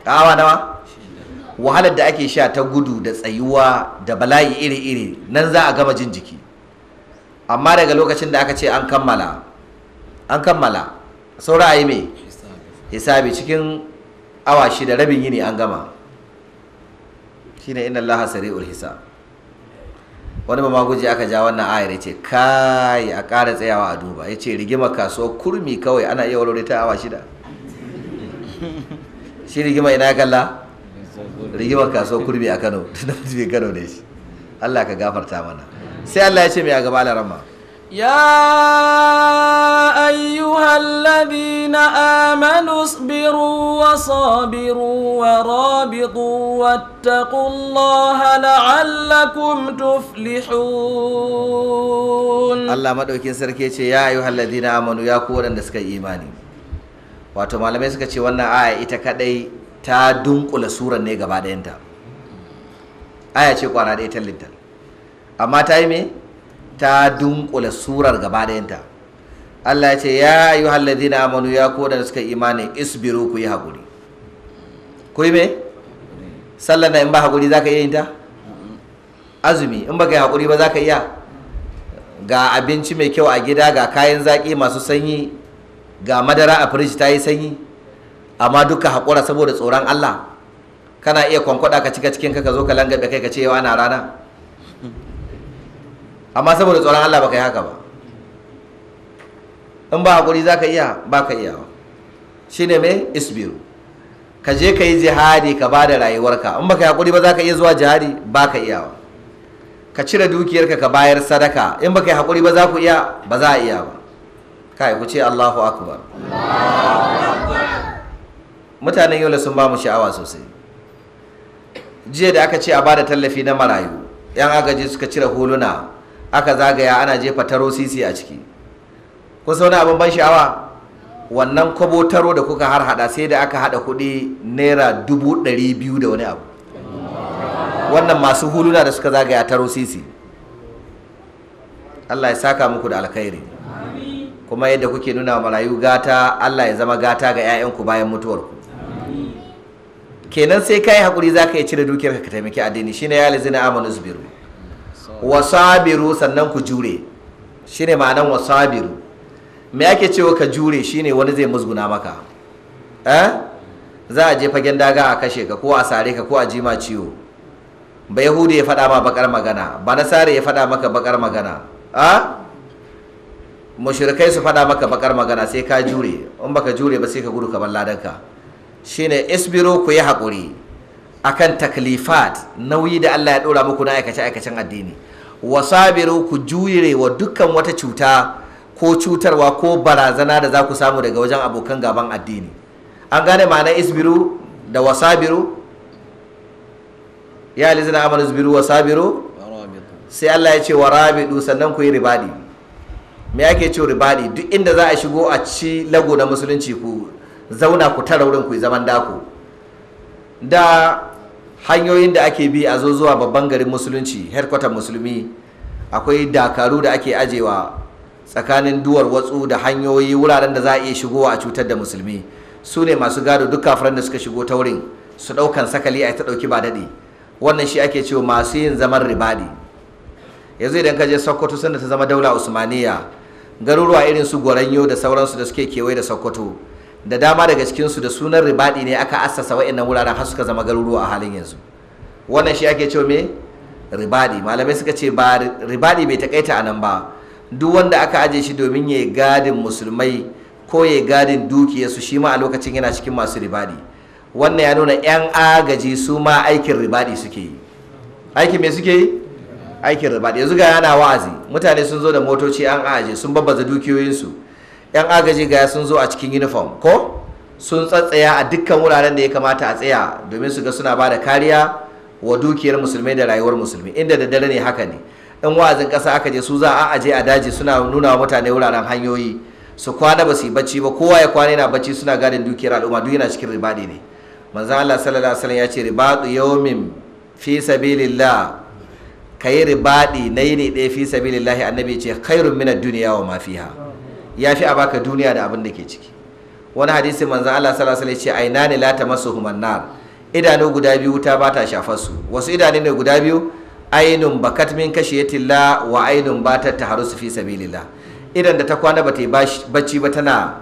Speaker 2: a awa nawa wahalar da ake sha ta gudu da tsayuwa da bala'i iri-iri nan za a gama jin jiki amma daga lokacin da aka ce an kammala an kammala saura a yi mai hisabi cikin awa shida rabin yini an gama shi ne inna allaha sari'ul hisa wani mama guji aka ja wannan ayar ce kai a ƙara tsayawa a duba ce rigima kasuwa kurmi kawai ana iya walwale ta awa shida shi rigima ina kalla rigima kasuwa kurmi a Kano tunda mutum Kano ne shi Allah ka gafarta mana sai Allah ya ce mai a gaba alarama
Speaker 1: يا أيها الذين آمنوا اصبروا وصابروا ورابطوا واتقوا الله لعلكم تفلحون الله
Speaker 2: مدوكين سركيتي يا أيها الذين آمنوا يا كورن دسك إيماني واتو ما suka ce wannan aya ita kadai ta dunkula surar ne gaba ɗayanta aya ce kwana ɗaya tallinta amma ta ta dunkula surar gaba ɗayanta Allah ya ce ya ayyuhal ladina amanu ya ko da suka imani isbiru ku yi hakuri ku yi me sallar in ba hakuri ka iya yin ta azumi in baka yi hakuri ba za ka iya ga abinci mai kyau a gida ga kayan zaki masu sanyi ga madara a firiji ta yi sanyi amma duka haƙura saboda tsoron Allah kana iya kwankwada ka cika cikin ka ka zo ka langabe kai ka ce yawa na rana amma saboda tsoron Allah baka yi haka ba in ba hakuri zaka iya baka iya shine me isbiru ka je ka yi jihadi ka bada rayuwarka in baka hakuri ba zaka iya zuwa jihadi baka iya ka cire dukiyarka ka bayar sadaka in baka hakuri ba za ku iya ba za a iya ba kai ku ce Allahu akbar mutanen yola sun ba mu sha'awa sosai jiya da aka ce a bada tallafi na marayu yan agaji suka cire huluna aka zagaya ana jefa taro sisi a ciki kun sauna abin ban sha'awa wannan kwabo taro da kuka har hada sai da aka hada kudi naira dubu ɗari biyu da wani abu wannan masu huluna da suka zagaya taro sisi allah ya saka muku da alkhairi kuma yadda kuke nuna wa marayu gata allah ya zama gata ga 'ya'yanku bayan mutuwarku kenan sai ka yi haƙuri za ka yi cire dukiyarka ka taimaki addini shine ya lizina amanu zubiru wasabiru sannan ku jure shine ma'anan wasabiru me ake cewa ka jure shine wani zai musguna maka eh za a je fagen daga a kashe ka ko a sare ka ko a jima ciwo ba yahudi ya faɗa ma bakar magana ba sare ya faɗa maka bakar magana a mushrikai su faɗa maka bakar magana sai ka jure in baka jure ba sai ka gudu kamar ladanka shine isbiro ku yi haƙuri akan taklifat nauyi da Allah ya ɗora muku na aikace aikacen addini wasabiru ku jure wa dukkan wata cuta ko cutarwa ko barazana da za ku samu daga wajen abokan gaban addini an gane ma'anar isbiru da wasabiru ya alizina amanu isbiru wasabiru sai Allah ya ce wa rabidu sannan ku yi ribadi me ake ce ribadi duk inda za a shigo a ci lago na musulunci ku zauna ku tara wurin ku yi zaman dako da hanyoyin da ake bi a zo zuwa babban garin musulunci headquarter musulmi akwai dakaru da ake ajewa tsakanin duwar watsu da hanyoyi wuraren da za a iya shigowa a cutar da musulmi su ne masu gado duk kafiran da suka shigo ta wurin su ɗaukan sakali a ta ɗauki ba daɗi wannan shi ake cewa masu yin zaman ribadi yanzu idan ka je sokoto sanda ta zama daula usmaniya garuruwa irin su goranyo da sauransu da suke kewaye da sokoto da dama daga cikinsu da sunan ribadi ne aka assasa wa'annan wuraren har suka zama garuruwa a halin yanzu wannan shi ake cewa me ribadi malamai suka ce ba ribadi bai takaita a nan ba duk wanda aka aje shi domin ya gadin musulmai ko ya gadin dukiyarsu shi ma a lokacin yana cikin masu ribadi wannan ya nuna 'yan agaji su ma aikin ribadi suke yi aikin me suke yi aikin ribadi yanzu ga yana wa'azi mutane sun zo da motoci an ajiye sun babbaza dukiyoyinsu yan agaji ga sun zo a cikin uniform ko sun tsatsaya a dukkan wuraren da ya kamata a tsaya domin su ga suna ba da kariya wa dukiyar musulmi da rayuwar musulmi inda da dare ne haka ne in wa'azin kasa aka je su za a aje a daji suna nuna wa mutane wuraren hanyoyi su kwana ba su yi bacci ba kowa ya kwana yana bacci suna gadin dukiyar al'umma duk yana cikin ribaɗi ne manzan Allah sallallahu alaihi wasallam ya ce ribadu yawmin fi sabilillah kai ribadi nayi ne ɗaya fi sabilillah annabi ce khairun ad dunya wa ma fiha ya fi a baka duniya da abin da ke ciki wani hadisi manzan Allah sallallahu alaihi wasallam ya ce ainani la tamassuhum nar idanu guda biyu ta bata shafar su wasu idanu ne guda biyu ainun bakat min kashiyatilla wa ainun batat taharusu fi sabilillah idan da ta kwana bata yi bacci ba tana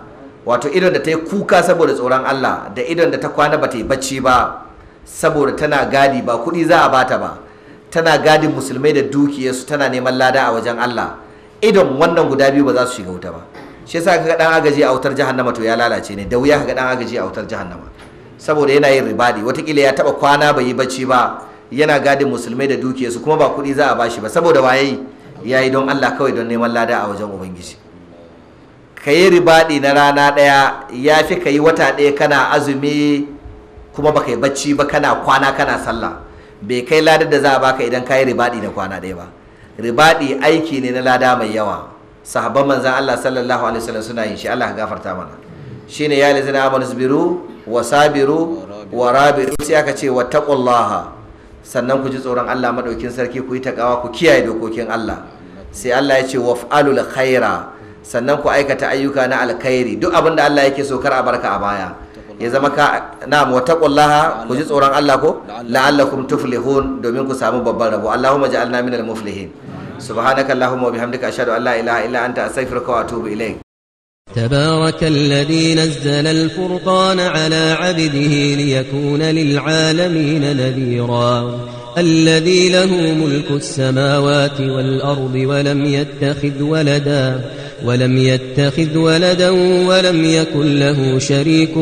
Speaker 2: wato idan da ta yi kuka saboda tsoron Allah da idan da ta kwana bata yi bacci ba saboda tana gadi ba kuɗi za a bata ba tana gadin musulmai da dukiyarsu tana neman lada a wajen Allah idan wannan guda biyu ba za su shiga wuta ba shi yasa kaga dan agaji a wutar jahannama to ya lalace ne da wuya kaga dan agaji a wutar jahannama saboda yana yin ribadi watakila ya taba kwana bai yi bacci ba yana gadin musulmai da dukiyarsu kuma ba kuɗi za a bashi ba saboda waye ya yi don Allah kawai don neman lada a wajen ubangiji Kayi yi ribaɗi na rana ɗaya ya fi ka yi wata ɗaya kana azumi kuma baka yi bacci ba kana kwana kana sallah bai kai ladar da za a baka idan ka yi ribaɗi na kwana ɗaya ba ribaɗi aiki ne na lada mai yawa sahabban manzan Allah sallallahu alaihi wasallam suna yin shi Allah gafarta mana shine ya lazina amanu sabiru wa sabiru wa rabiru sai aka ce wattaqullaha sannan ku ji tsoron Allah madaukin sarki ku yi takawa ku kiyaye dokokin Allah sai Allah ya ce waf'alul khaira sannan ku aikata ayyuka na alkhairi duk abin da Allah yake so kar a barka a baya ya zama ka na'am wattaqullaha ku ji tsoron Allah ko la'allakum tuflihun domin ku samu babban rabo Allahumma ja'alna minal muflihin سبحانك اللهم وبحمدك أشهد أن لا إله إلا أنت أستغفرك وأتوب إليك
Speaker 1: تبارك الذي نزل الفرقان على عبده ليكون للعالمين نذيرا الذي له ملك السماوات والأرض ولم يتخذ ولدا ولم يتخذ ولدا ولم يكن له شريك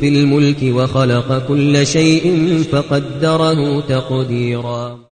Speaker 1: في الملك وخلق كل شيء فقدره تقديرا